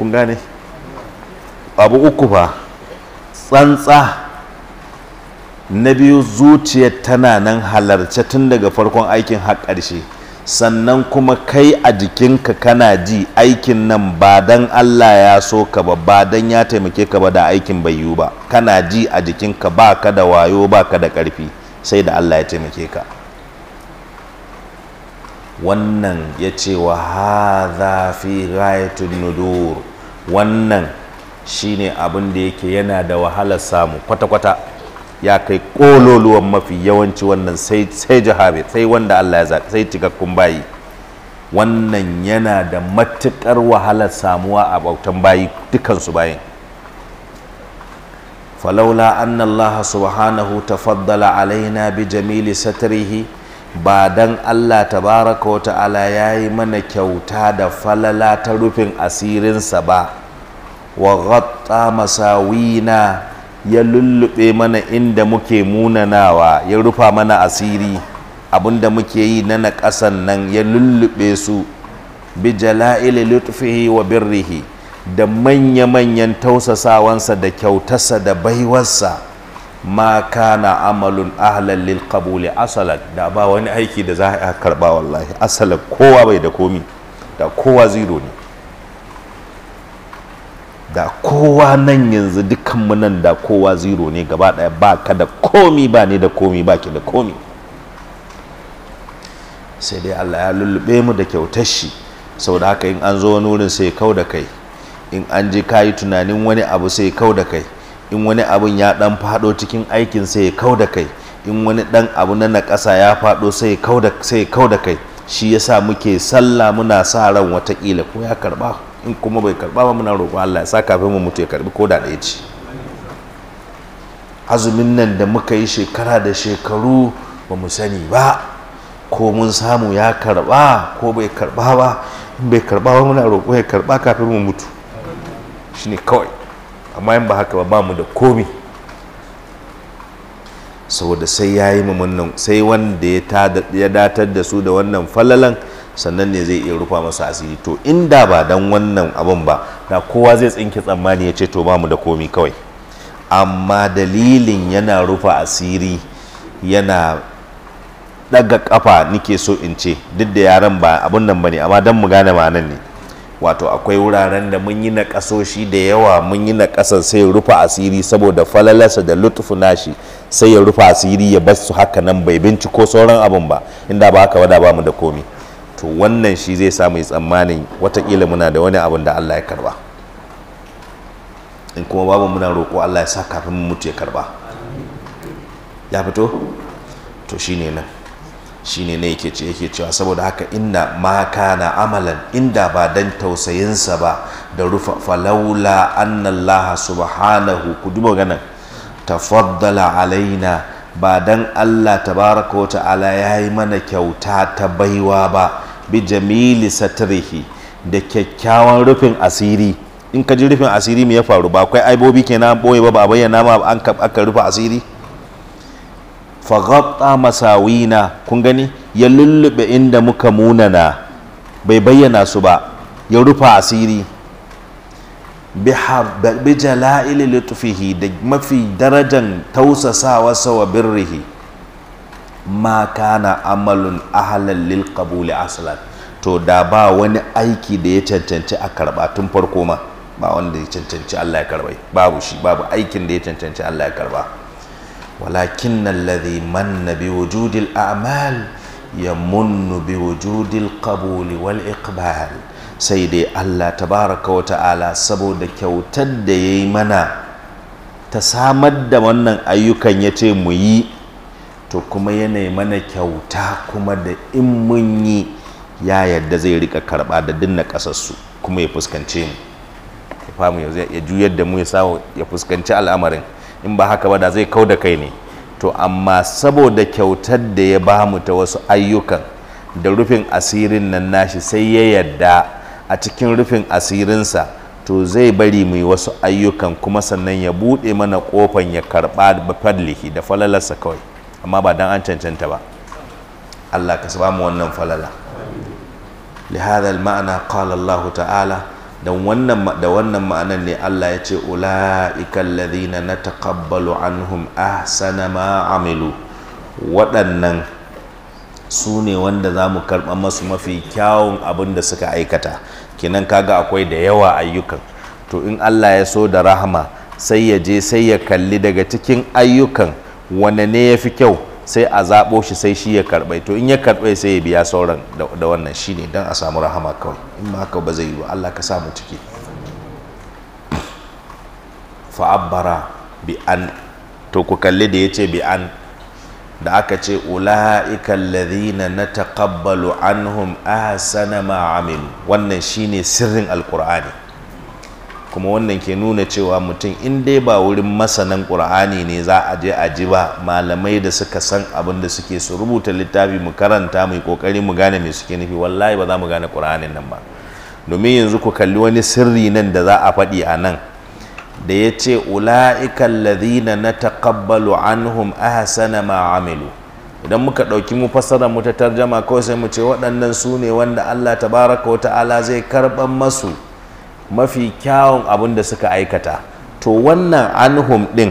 kun abu uku ba tsantsa na biyu zuciyar tana nan halarci tun daga farkon aikin har ƙarshe sannan kuma kai a jikinka kana ji aikin nan ba don Allah ya so ka ba ba dan ya taimake ka ba da aikin bai yiwu ba kana ji a jikinka ba ka da wayo ba ka da ƙarfi sai da Allah ya taimake ka wannan ya ce wa haza fi ghayatul nudur wannan shine abin da yake yana da wahalar samu kwata-kwata ya kai kololuwan mafi yawanci wannan sai jihabe sai wanda Allah ya zaɓi sai cikakkun bayi wannan yana da matuƙar wahalar samuwa a bautan bayi dukansu bayin falaula annallaha Allah subhanahu tafaddala alaina bi jamili satrihi ba dan Allah tabaraka wa ta'ala ya yi mana kyauta da falala ta rufin asirinsa ba wa masawina ya lullube mana inda muke munanawa ya rufa mana asiri abinda muke yi na naƙasan nan ya lullube su bi jala'ili lutfihi wa birrihi da manya-manyan tausasawansa da kyautarsa da baiwarsa ma kana amalun ahlan lil qabuli asalan da ba wani aiki da za a karba wallahi asalan kowa bai da komi da kowa zero ne da kowa nan yanzu mu nan da kowa zero ne gaba daya ba ka da komi ba ne da komi ba ki da komi sai dai allah ya lullube mu da kyautar shi sau da haka in an zo wani wurin sai kau da kai in an ji kayi tunanin wani abu sai kau da kai in wani abun ya ɗan fado cikin aikin sai kau da kai in wani ɗan abu na nakasa ya faɗo sai kau da kai shi yasa muke sallah muna sa ran watakila ko ya karba in kuma bai karba ba muna roƙo Allah ya sa kafin mu mutu ya karbi ko da ɗaya azumin nan da muka yi shekara da shekaru ba mu sani ba ko mun samu ya karba ko bai karba ba in bai karba ba muna roƙo ya karba kafin mu mutu shine kawai amma in ba haka ba ba mu da komi saboda sai ya yi wannan sai wanda ya datar da su da wannan falalan sannan ne zai iya rufa masa asiri to inda ba dan wannan abun ba da kowa zai tsinke tsammani ya ce to ba mu da komi kawai amma dalilin yana rufa asiri yana daga kafa nike so in ce duk da yaran ba abun nan bane amma don mu gane ma'anan ne wato akwai wuraren da mun yi na kasoshi da yawa mun yi na kasan sai rufa asiri saboda falalasa da lutufu nashi sai ya rufa asiri ya bar su haka nan bai binciko sauran abun ba inda ba haka wada ba mu da komi to wannan shi zai sa mai tsammanin watakila muna da wani abin da Allah ya karba in kuma babu muna roƙo Allah ya sa kafin mutu ya karba ya fito to shi ne nan Shi ne yake ce yake cewa saboda haka inna ma kana amalan inda ba dan tausayinsa ba da rufa falaula annallaha subhanahu ku duba ganin tafaddala alaina ba dan Allah tabaraka wa ta'ala ya yi mana kyauta ta baiwa ba bi jamili satrihi da kyakkyawan rufin asiri in ka ji rufin asiri mu ya faru ba kai aibobi na boye ba ba bayyana ma an aka rufe asiri fagabta masawina kun gani ya lullube inda muka munana bai bayyana su ba ya rufa asiri bi jala'ili lutfihi da mafi darajan tausasawa wa birrihi ma kana amalun ahalan lil qabuli aslan to da ba wani aiki da ya cancanci a karba tun farko ma ba wanda ya cancanci Allah ya karba babu shi babu aikin da ya cancanci Allah ya karba walakin alladhi manna bi wujudil a'mal yamunnu bi wujudil qabuli wal iqbal sai dai Allah tabaraka wa ta'ala saboda kyautar da yayi mana ta samar da wannan ayyukan yace mu yi to kuma yanayi mana kyauta kuma da in mun yi ya yadda zai rika karba da dinna kasassu kuma ya fuskance mu ya famu ya juyar da mu ya samu ya fuskanci al'amarin in ba haka ba da zai kau da kai ne to amma saboda kyautar da ya ba mu ta wasu ayyukan da rufin asirin nan nashi sai ya yadda a cikin rufin asirinsa to zai bari mu wasu ayyukan kuma sannan ya buɗe mana ƙofan ya karɓa da fadlihi da falalarsa kawai amma ba dan an cancanta ba Allah ka saba mu wannan falala al ma'ana qala Allah ta'ala dan wannan da wannan ma'anan ne Allah ya ce ulaika alladhina nataqabbalu anhum ahsana ma amilu waɗannan su ne wanda za mu karɓa masu mafi kyawun abin da suka aikata kinan kaga akwai da yawa ayyukan to in Allah ya so da rahama sai ya je sai ya kalli daga cikin ayyukan wane ne ya fi kyau sai a zaɓo shi sai shi ya karɓai to in ya karɓai sai ya biya sauran da wannan shi ne don a samu rahama kawai in ma haka ba zai yi ba Allah ka samu ciki fa'abbara bi an to ku kalli da ya ce bi an da aka ce ula'ika alladhina taƙabbalu anhum ahsana ma amilu wannan shine sirrin alƙur'ani. kuma wannan ke nuna cewa mutum in dai ba wurin masanan ƙur'ani ne za a je a ji ba malamai da suka san abin da suke su rubuta littafi mu karanta mu kokari mu gane mai suke nufi wallahi ba za mu gane ƙur'anin nan ba domin yanzu ku kalli wani sirri nan da za a faɗi a nan da ya ce ula'ika alladhina nataqabbalu anhum ahsana ma amilu idan muka ɗauki mu fassara mu ta tarjama kawai sai mu ce waɗannan su ne wanda Allah tabaraka wa ta'ala zai karɓan masu mafi kyawun abin da suka aikata to wannan anhum din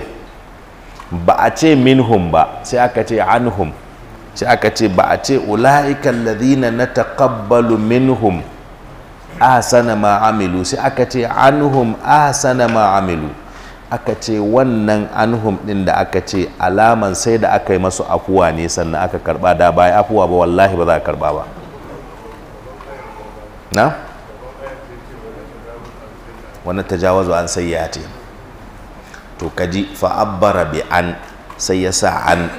ba a ce minhum ba sai aka ce anhum sai aka ce ba a ce ula'ikan ladina na takabbalu minhum ahsana ma amilu sai aka ce anhum ahsana ma amilu aka ce wannan anhum din da aka ce alaman sai da aka yi masu afuwa ne sannan aka karba da baya afuwa ba wallahi ba za a karba ba na wani tajawazu an sai ya ce to kaji fa'abbara bi an sai ya sa an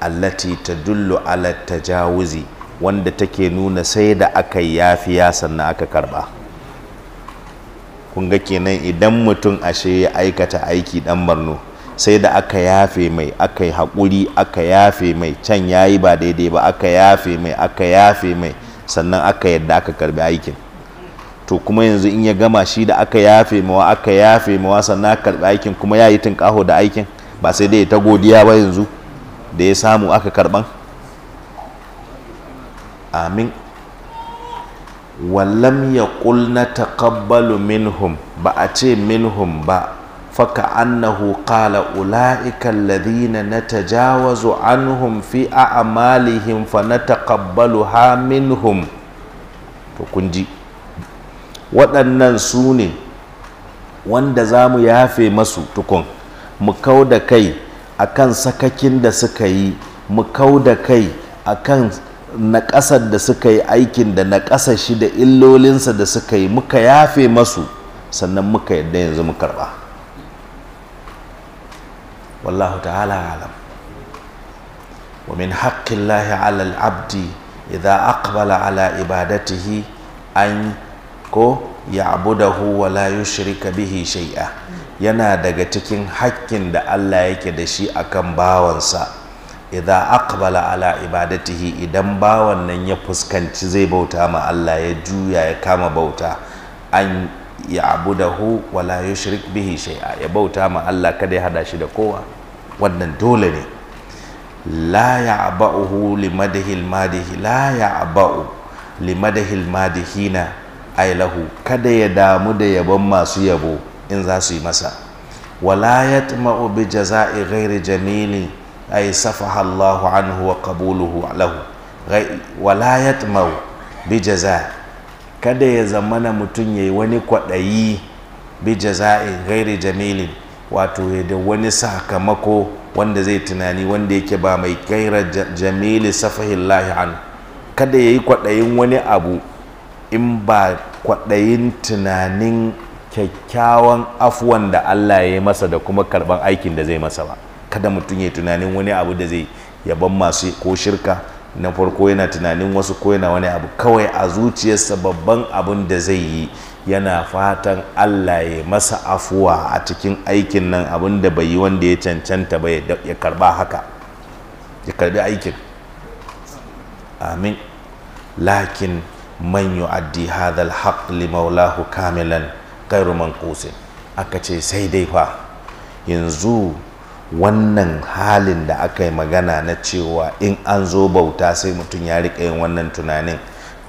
allati tadullu ala tajawuzi wanda take nuna sai da aka yafiya sannan aka karba kun ga kenan idan mutum ashe ya aikata aiki dan barno sai da aka yafe mai aka yi haƙuri aka yafe mai can yayi ba daidai ba aka yafe mai aka yafe mai sannan aka yadda aka karbi aikin to kuma yanzu in ya gama shi da aka yafe mawa aka yafe mawa sannan karɓi aikin kuma ya yi tunƙaho da aikin ba sai dai ta godiya ba yanzu da ya samu aka karɓan amin wallam ya ƙulna taqabbalu minhum ba a ce minhum ba faka annahu qala ula'ika alladhina natajawazu anhum fi a'malihim fa ha minhum to kun ji waɗannan su ne wanda za mu yafe masu tukun mu kau da kai kan sakakin da suka yi mu kau da kai akan naƙasar da suka yi aikin da naƙasa shi da illolinsa da suka yi muka yafe masu sannan muka yadda yanzu mu karɓa wallahu ta'ala alam wa min haƙƙin lahi alal abdi idan aqbala ala ibadatihi an ko ya abudahu wa la yushrika bihi shai'a yana daga cikin hakkin da Allah yake da shi akan bawansa idza aqbala ala ibadatihi idan bawan nan ya fuskanci zai bauta ma Allah ya juya ya kama bauta an ya abudahu wa la yushrik bihi shay'a ya bauta ma Allah kada ya hada shi da kowa wannan dole ne la ya ya'ba'uhu limadhil madihi la ya abu limadhil madihina ailahu kada ya damu da yabon masu yabo in za su yi masa walayat ma'ubi bi jaza'i ghairi jamilin ay safaha Allahu anhu wa qabuluhu lahu walayat mau bi jaza'i kada ya zama na mutum yayi wani kwaɗayi bi jaza'i ghairi jamili wato ya da wani sakamako wanda zai tunani wanda yake ba mai gaira jamili safahillahi an kada ya yi kwaɗayin wani abu in ba kwaɗayin tunanin kyakkyawan afuwan da Allah ya yi masa da kuma karban aikin da zai masa ba kada mutum ya tunanin wani abu da zai yaban masu ko shirka na farko yana tunanin wasu ko yana wani abu kawai a zuciyarsa babban abin da zai yi yana fatan Allah ya masa afuwa a cikin aikin nan abin da bai yi wanda ya cancanta ba ya karba haka ya karbi aikin amin lakin man yu'addi addi al li maulahu kamilan ghairu manqusin aka ce sai dai fa yanzu wannan halin da aka yi magana na cewa in an zo bauta sai mutum ya riƙa yin wannan tunanin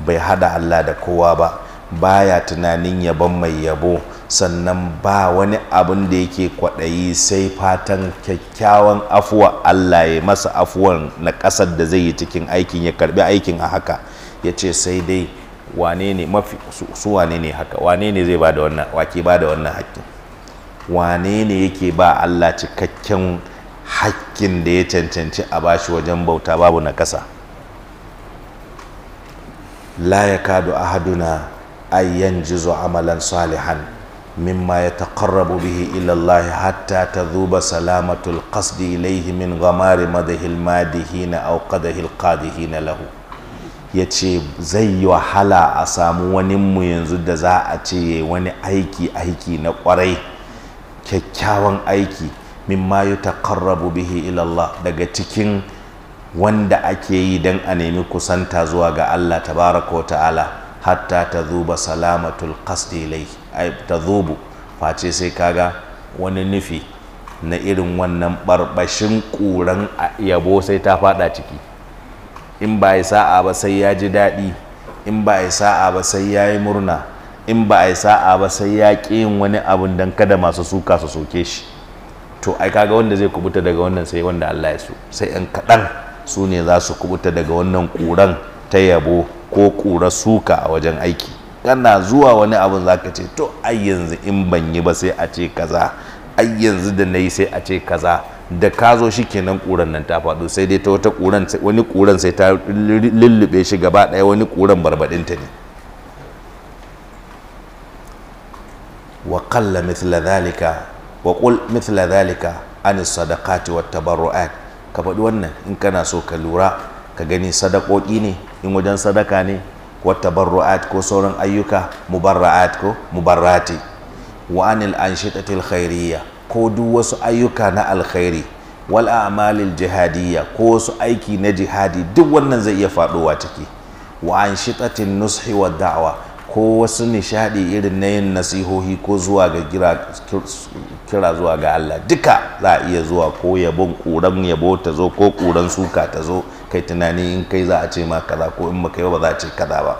bai hada Allah da kowa ba baya tunanin yabon mai yabo sannan ba wani abin da yake kwaɗayi sai fatan kyakkyawan afuwa Allah ya masa afuwan na ƙasar da zai yi cikin aikin ya karɓi aikin a haka ya ce sai dai wane ne mafi su wane ne haka wane ne zai bada wannan wake bada wannan haƙƙin wane ne yake ba Allah cikakken haƙƙin da ya cancanci a bashi wajen bauta babu na ƙasa la yakadu ahaduna ay jizo amalan salihan mimma yataqarrabu bihi ila Allah hatta tadhuba salamatul qasdi ilayhi min ghamari madhil madihina aw qadahil qadihina lahu ya ce zai yi wahala a samu wani mu yanzu da za a ce wani aiki aiki na kwarai kyakkyawan aiki ma yi taƙarrabu bihi ilallah daga cikin wanda ake yi don a nemi kusanta zuwa ga Allah ta wa ta'ala hatta ta zuba salamatul qasdi ta zubu face sai kaga wani nufi na irin wannan barbashin ƙuran yabo sai ta fada ciki in ba yi sa'a ba sai ya ji daɗi in ba yi sa'a ba sai ya yi murna in ba yi sa'a ba sai ya ƙi yin wani abun don kada masu suka su soke shi to ai kaga wanda zai kubuta daga wannan sai wanda Allah ya so sai yan kaɗan su ne za su kubuta daga wannan ƙuran ta yabo ko ƙura suka a wajen aiki kana zuwa wani abun ka ce to ai yanzu in ban yi ba sai a ce kaza ai yanzu da na yi sai a ce kaza da ka zo shi kenan ƙuran nan ta faɗo sai dai ta wata ƙuran wani ƙuran sai ta lullube shi gaba ɗaya wani ƙuran barbaɗinta ne wa qalla mithla dhalika wa qul mithla dhalika an sadaqati wat tabarruat ka faɗi wannan in kana so ka lura ka gani sadakoki ne in wajen sadaka ne wat tabarruat ko sauran ayyuka mubarra'at ko mubarrati wa anil anshitatil khairiyya ko duk wasu ayyuka na alkhairi wal a'malil jihadiyya ko wasu aiki na jihadi duk wannan zai iya faɗowa ciki wa an shitatin nushi wa da'wa ko wasu nishadi irin na yin nasihohi ko zuwa ga kira zuwa ga Allah duka za a iya zuwa ko yabon kuran yabo ta zo ko kuran suka ta zo kai tunani in kai za a ce ma kaza ko in maka ba za a ce kaza ba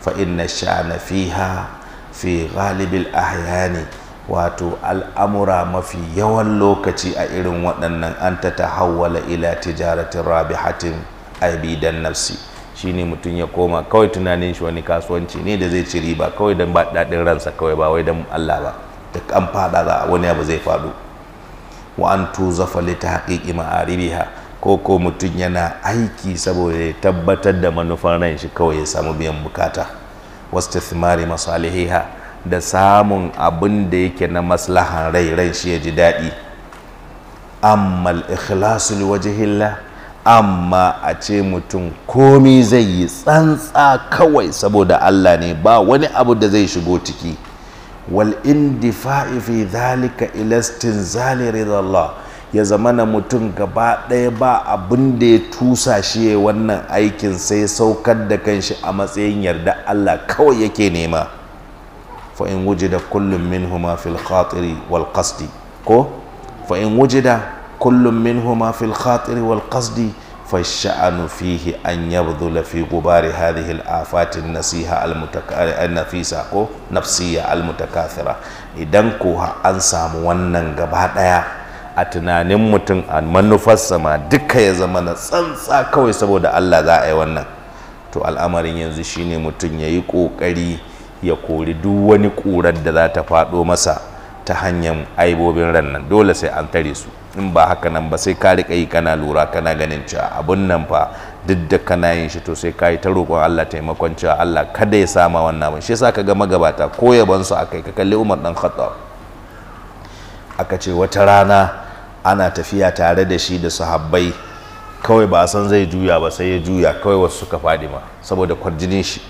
fa inna sha'na fiha fi ghalibil ahyani wato al'amura mafi yawan lokaci a irin waɗannan an ta ta tahawwala ila tijaratin rabihatin aibidan nafsi shi ne mutum ya koma kawai tunanin shi wani kasuwanci ne da zai ci ba kawai don ba daɗin ransa kawai ba wai don Allah ba duk an fada za wani abu zai faɗo wa an tuzafa li tahqiqi ma'aribiha ko ko mutum yana aiki saboda ya tabbatar da manufan ran shi kawai ya samu biyan bukata wastithmari masalihiha da samun abin da yake na maslahan rai rai shi ya ji daɗi amma ikhlasu liwajihillah amma a ce mutum komi zai yi tsantsa kawai saboda Allah ne ba wani abu da zai shigo ciki wal indifa'i fi zalika ilastin zalirin Allah. ya zama na mutum gaba ɗaya ba abin da ya tusa shi wannan aikin sai saukar da kanshi a matsayin yarda Allah kawai yake nema fa in wujida kullum min fil khatiri wal qasdi ko fa in wujida kullum huma fil khatiri wal qasdi fa sha'anu fihi an yabdhula fi gubari hadhihi al afati nasiha al eh, nafisa ko nafsiya idan ko an samu wannan gaba daya a tunanin mutum a manufarsa ma duka ya zama na tsantsa kawai saboda Allah za a yi wannan to al'amarin yanzu shine mutum ya yi ƙoƙari ya kori duk wani ƙurar da za ta faɗo masa ta hanyar aibobin ran nan dole sai an tare su in ba haka nan ba sai ka riƙa yi kana lura kana ganin cewa abun nan fa duk da kana yin shi to sai ka yi ta roƙon Allah taimakon cewa Allah kada ya sama wannan abin shi yasa ka ga magabata ko yaban su akai ka kalli Umar dan Khattab aka ce wata rana ana tafiya tare da shi da sahabbai kawai ba san zai juya ba sai ya juya kawai wasu suka fadi ma saboda kwarjinin shi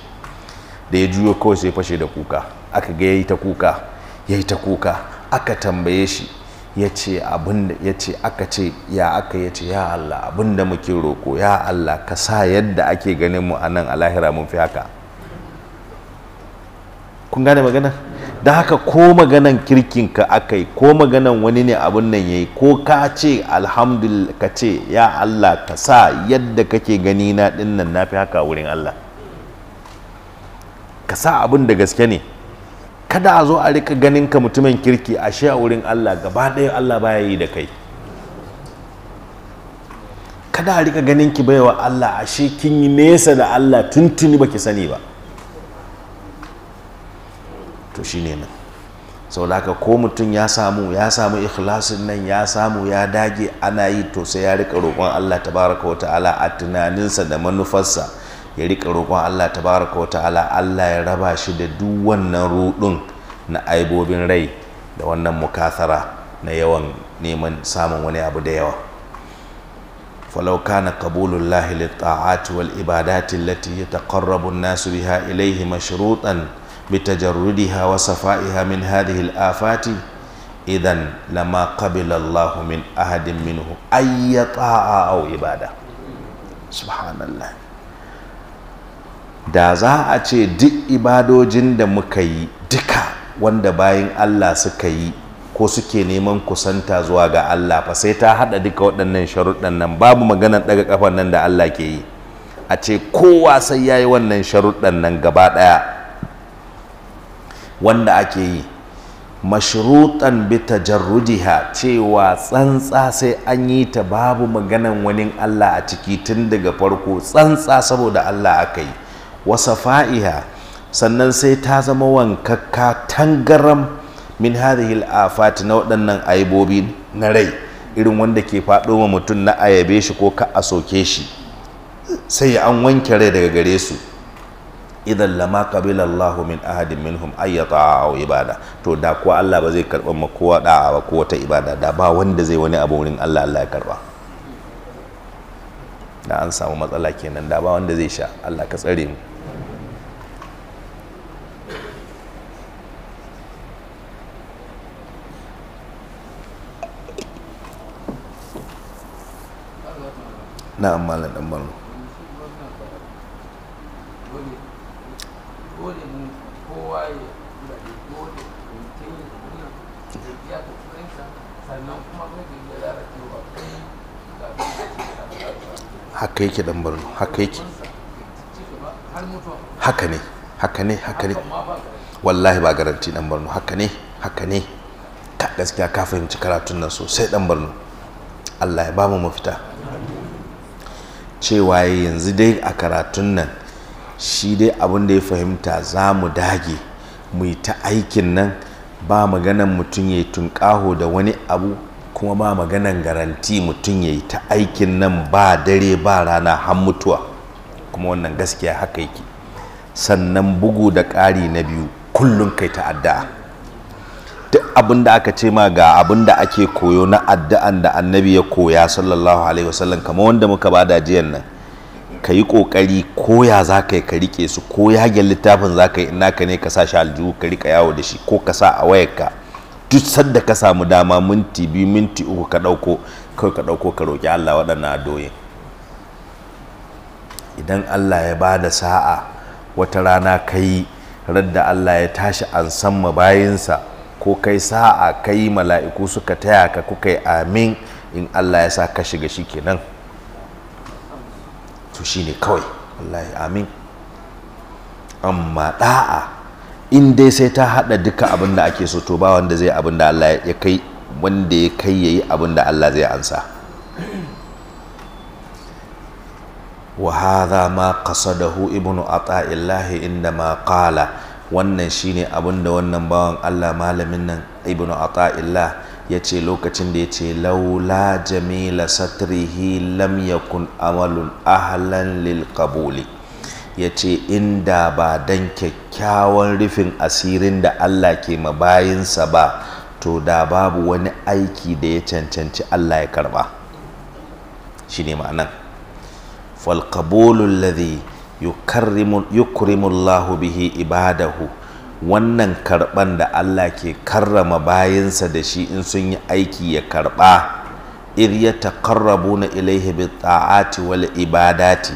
da ya juyo kawai sai fashe da kuka aka ga yayi ta kuka yayi ta kuka aka tambaye shi ya ce abinda ya ce aka ce ya aka ya ce ya Allah abinda muke roko ya Allah ka sa yadda ake ganin mu anan a lahira mun fi haka kun gane magana da haka ko maganan kirkin ka akai ko maganan wani ne abin nan yayi ko ka ce alhamdulillah ka ce ya Allah ka sa yadda kake gani na dinnan nafi haka wurin Allah ka sa abin da gaske ne kada a zo a rika ganin ka mutumin kirki ashe a wurin Allah gaba ɗaya Allah baya yi da kai kada a rika ganin ki baiwa Allah ashe kin yi nesa da Allah tuntuni baki sani ba to shi ne nan da haka ko mutum ya samu ya samu ikhlasin nan ya samu ya dage ana yi to sai ya rika roƙon Allah ta baraka wa ta'ala a tunaninsa da manufarsa ya rika roƙon Allah tabaraka wa ta'ala Allah ya raba shi da duk wannan ruɗun na aibobin rai da wannan mukasara na yawan neman samun wani abu da yawa falau kana qabulullahi lit-ta'ati wal ibadati allati yataqarrabu an-nasu biha ilayhi mashrutan bitajarrudiha wa safa'iha min hadhihi al-afati idan lama qabila Allahu min ahadin minhu ayya ta'a aw ibada subhanallah da za a ce duk ibadojin da muka yi duka wanda bayan Allah suka yi ko suke neman kusanta zuwa ga Allah fa sai ta hada duka waɗannan sharuɗan nan babu maganar ɗaga kafan nan da Allah ke yi a ce kowa sai ya yi wannan sharuɗan nan gaba ɗaya wanda ake yi mashrutan bi tajarrujiha cewa tsantsa sai an yi ta babu maganan wani Allah a ciki tun daga farko tsantsa saboda Allah aka yi wasafa'iha sannan sai ta zama wankakka tangaram min hadhihi al na waɗannan aibobi na rai irin wanda ke faɗo wa mutum na ayabe shi ko ka a soke shi sai an wanke rai daga gare su idan lama qabila Allah min ahadin minhum ayyata aw ibada to da kuwa Allah ba zai karɓar ma kowa da'a ba ko wata ibada da ba wanda zai wani abu wurin Allah Allah ya karɓa da an samu matsala kenan da ba wanda zai sha Allah ka tsare mu na amala dan malo haka yake dan barno haka yake haka ne haka ne haka ne wallahi ba garanti dan barno haka ne haka ne ka gaskiya ka fahimci karatun nan sosai dan barno Allah ya ba mu mafita cewa yanzu dai a karatun nan shi dai abin da ya fahimta za mu dage mu yi ta aikin nan ba maganan mutum ya yi tunƙaho da wani abu kuma ba maganan garanti mutum ya yi ta aikin nan ba dare ba rana har mutuwa kuma wannan gaskiya haka yake sannan bugu da ƙari na biyu kullum kai ta'adda abin da aka ce ma ga abin da ake koyo na addu'an da annabi ya koya sallallahu alaihi wasallam kamar wanda muka ba da jiyan nan ka yi ƙoƙari koya za ka yi ka riƙe su ko yagen littafin za ka yi ina ka ne ka sa shi aljihu ka rika yawo da shi ko ka sa a wayarka duk sadda ka samu dama minti biyu minti uku ka ɗauko kawai ka ɗauko ka roki Allah waɗannan adoyin idan Allah ya ba da sa'a wata rana ka yi radda Allah ya tashi an san bayinsa ko kai sa'a kai mala'iku suka taya ka kuka yi amin in Allah ya sa ka shiga shi kenan to ne kawai ya amin amma da'a in dai sai ta haɗa duka abin da ake so to ba wanda zai abin da Allah ya kai wanda ya kai yayi abin da Allah zai ansa wa hadha ma qasadahu ibnu ata'illahi inda ma qala wannan shine abin da wannan bawan Allah malamin nan ibnu ata'illah ya ce lokacin da ya ce laula jamila satrihi lam yakun amalun ahlan lil qabuli ya ce inda ba dan kyakkyawan rufin asirin da Allah ke mabayinsa ba to da babu wani aiki da ya cancanci Allah ya karba shine ma'anan falkabolin qabulul yukrimullahu bihi ibadahu wannan karban da Allah ke karrama bayansa da shi in sun yi aiki ya karba idh yataqarrabuna na bi ta'ati wal ibadati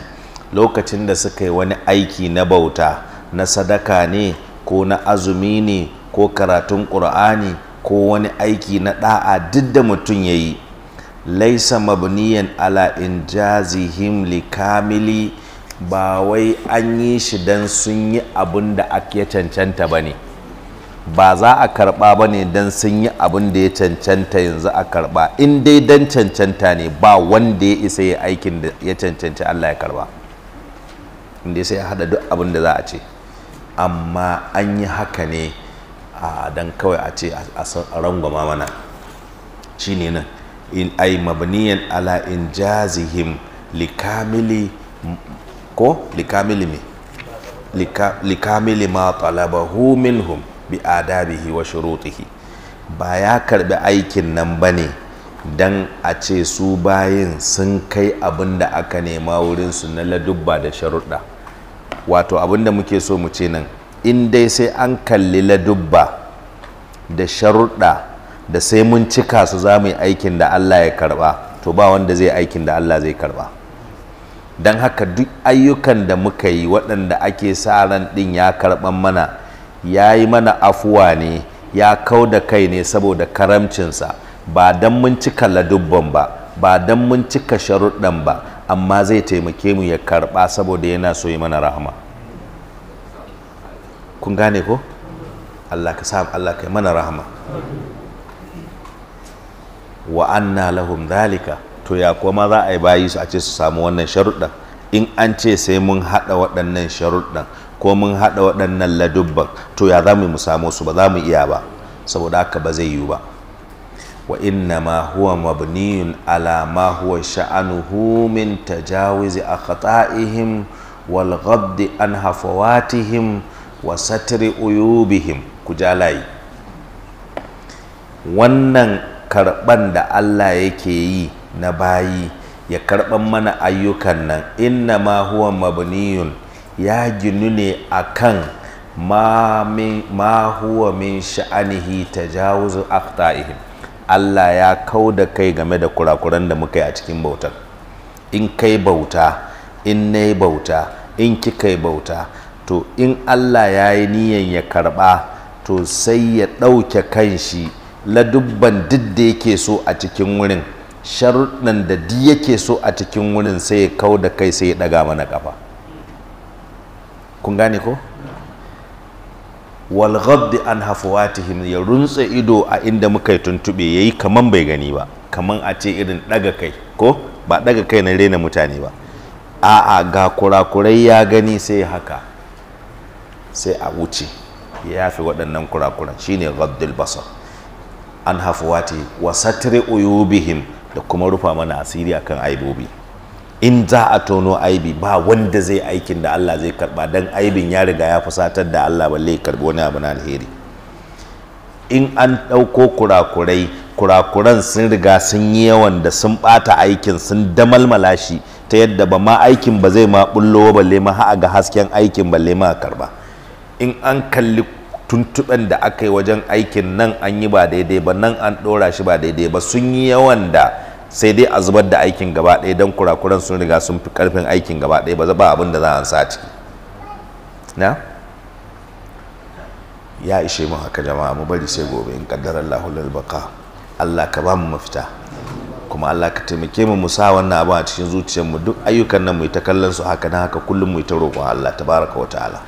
lokacin da suka yi wani aiki na bauta na sadaka ne ko na azumi ne ko karatun ƙur'ani ko wani aiki na ɗa'a duk da mutum ya yayi laisa mabniyan ala in jazihim li kamili ba wai an yi shi don sun yi abin da ya cancanta ba ne ba za a karɓa ba ne don sun yi abin da ya cancanta yanzu a karba in dai don cancanta ne ba wanda ya isa ya aikin da ya cancanci Allah ya karɓa inda sai ya haɗa duk abin da za a ce amma an yi haka ne a don kawai a ce a rangwama mana shi ne nan in ai mabniyan ala in jazihim likamili ko likamili mi likamili ma talabahu minhum bi adabihi wa shurutihi ba ya karbi aikin nan bane dan a ce su bayin sun kai abin da aka nema wurin su na ladubba da sharuɗa wato abin da muke so mu ce nan in dai sai an kalli ladubba da sharuɗa da sai mun cika su za yi aikin da Allah ya karba to ba wanda zai aikin da Allah zai karba don haka duk ayyukan da muka yi waɗanda ake sa ran ɗin ya karɓan mana ya yi mana afuwa ne ya kau da kai ne saboda karamcinsa ba don mun cika ladubban ba ba don mun cika sharuɗan ba amma zai taimake mu ya karɓa saboda yana so yi mana rahama kun gane ko Allah ka sa Allah yi mana rahama wa anna lahum dhalika to ya kuma za a yi bayi su a ce su samu wannan sharuɗan in an ce sai mun haɗa waɗannan sharuɗan ko mun haɗa waɗannan ladubban to ya za mu samu su ba za mu iya ba saboda haka ba zai yiwu ba wa inna ma huwa mabniyun ala ma huwa sha'anuhu min tajawizi akhata'ihim wal ghabdi an hafawatihim wa satri uyubihim kujalayi wannan karɓan da Allah yake yi na bayi ya karɓar mana ayyukan nan inna ma huwa mabniyun ya ginu ne a kan ma huwa min sha'anihi Allah ya kau da kai game da kurakuran da muka yi a cikin bautar in kai bauta in nayi bauta in kika yi bauta to in Allah ya yi niyan ya karɓa to sai ya ɗauke kanshi ladubban duk da yake so a cikin wurin sharuɗan da di yake so a cikin wurin sai ya kau da kai sai ya ɗaga mana ƙafa kun gane ko walgabdi an hafuwatihim ya runtse ido a inda muka yi tuntuɓe ya yi kaman bai gani ba kaman a ce irin ɗaga kai ko ba ɗaga kai na rena mutane ba a'a ga kurakurai ya gani sai haka sai a wuce ya fi waɗannan kurakuran shine gabdil basar an hafuwati wa satri uyubihim da kuma rufa mana asiri a kan aibobi in za a tono aibi ba wanda zai aikin da Allah zai karba don aibin ya riga ya fusatar da Allah balle ya karbi wani abu na alheri in an ɗauko kurakurai kurakuran sun riga sun yi yawan da sun ɓata aikin sun damalmala shi ta yadda ba ma aikin ba zai ma bullo balle ma ga hasken aikin balle ma karba in an kalli tuntuɓen da aka yi wajen aikin nan an yi ba daidai ba nan an ɗora shi ba daidai ba sun yi yawan da sai dai a zubar da aikin gaba ɗaya don kurakuran sun riga sun fi ƙarfin aikin gaba ɗaya ba ba abin da za a sa ciki na ya ishe mu haka jama'a mu bari sai gobe in kaddara Allahu albaka Allah ka ba mu mafita kuma Allah ka taimake mu mu sa wannan abu a cikin zuciyar mu duk ayyukan nan mu ta kallon su haka na haka kullum mu ta roƙo Allah tabaraka wa ta'ala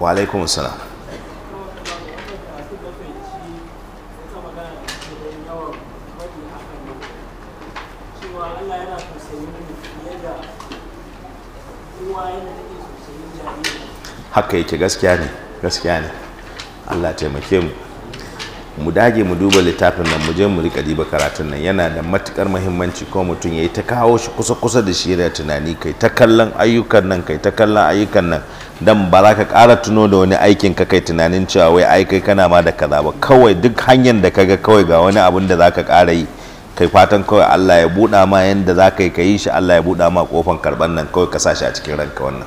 wa alaikum salam haka yake gaskiya ne gaskiya ne allah taimake mu mu dage mu duba littafin nan mu je mu rika diba karatun nan yana da matukar muhimmanci ko mutum ya yi ta kawo shi kusa kusa da shi yana tunani kai ta kallon ayyukan nan kai ta kallon ayyukan nan dan ba za ka ƙara tuno da wani aikin ka kai tunanin cewa wai ai kai kana ma da kaza ba kawai duk hanyar da ka ga kawai ga wani abun da za ka ƙara yi kai fatan kawai Allah ya buɗa ma yanda za ka yi ka yi shi Allah ya buɗa ma kofan karban nan kawai ka sa shi a cikin ranka wannan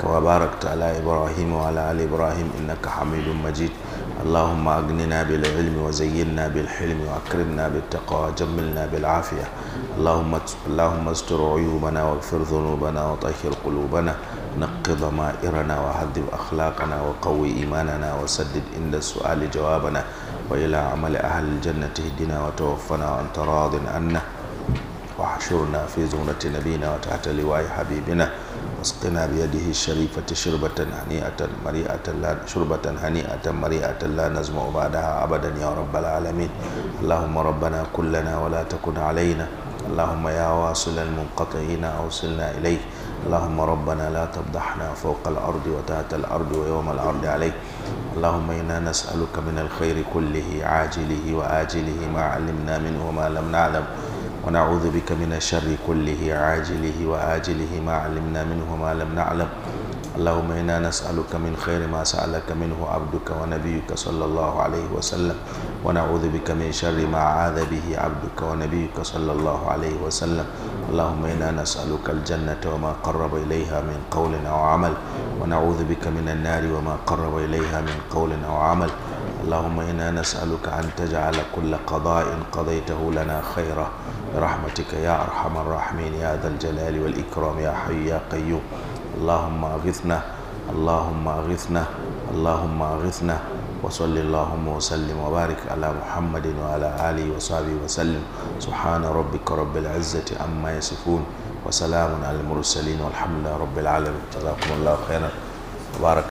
كما باركت على إبراهيم وعلى آل إبراهيم إنك حميد مجيد اللهم أغننا بالعلم وزينا بالحلم وأكرمنا بالتقوى وجملنا بالعافية اللهم اللهم استر عيوبنا واغفر ذنوبنا وطهر قلوبنا نق ضمائرنا وهذب أخلاقنا وقوي إيماننا وسدد عند السؤال جوابنا وإلى عمل أهل الجنة اهدنا وتوفنا وأنت راض عنا واحشرنا في زمرة نبينا وتحت لواء حبيبنا اسقنا بيده الشريفة شربة هنيئة مريئة لا شربة هنيئة مريئة لا نزمع بعدها أبدا يا رب العالمين اللهم ربنا كلنا ولا تكن علينا اللهم يا واصل المنقطعين أوصلنا إليه اللهم ربنا لا تفضحنا فوق الأرض وتحت الأرض ويوم الأرض عليك اللهم إنا نسألك من الخير كله عاجله وآجله ما علمنا منه وما لم نعلم ونعوذ بك من الشر كله عاجله وآجله ما علمنا منه ما لم نعلم اللهم إنا نسألك من خير ما سألك منه عبدك ونبيك صلى الله عليه وسلم ونعوذ بك من شر ما عاذ به عبدك ونبيك صلى الله عليه وسلم اللهم إنا نسألك الجنة وما قرب إليها من قول أو عمل ونعوذ بك من النار وما قرب إليها من قول أو عمل اللهم إنا نسألك أن تجعل كل قضاء قضيته لنا خيرا برحمتك يا أرحم الراحمين يا ذا الجلال والإكرام يا حي يا قيوم اللهم أغثنا اللهم أغثنا اللهم أغثنا وصلي اللهم وسلم وبارك على محمد وعلى آله وصحبه وسلم سبحان ربك رب العزة أما يصفون وسلام على المرسلين والحمد لله رب العالمين جزاكم الله خيرا وبارك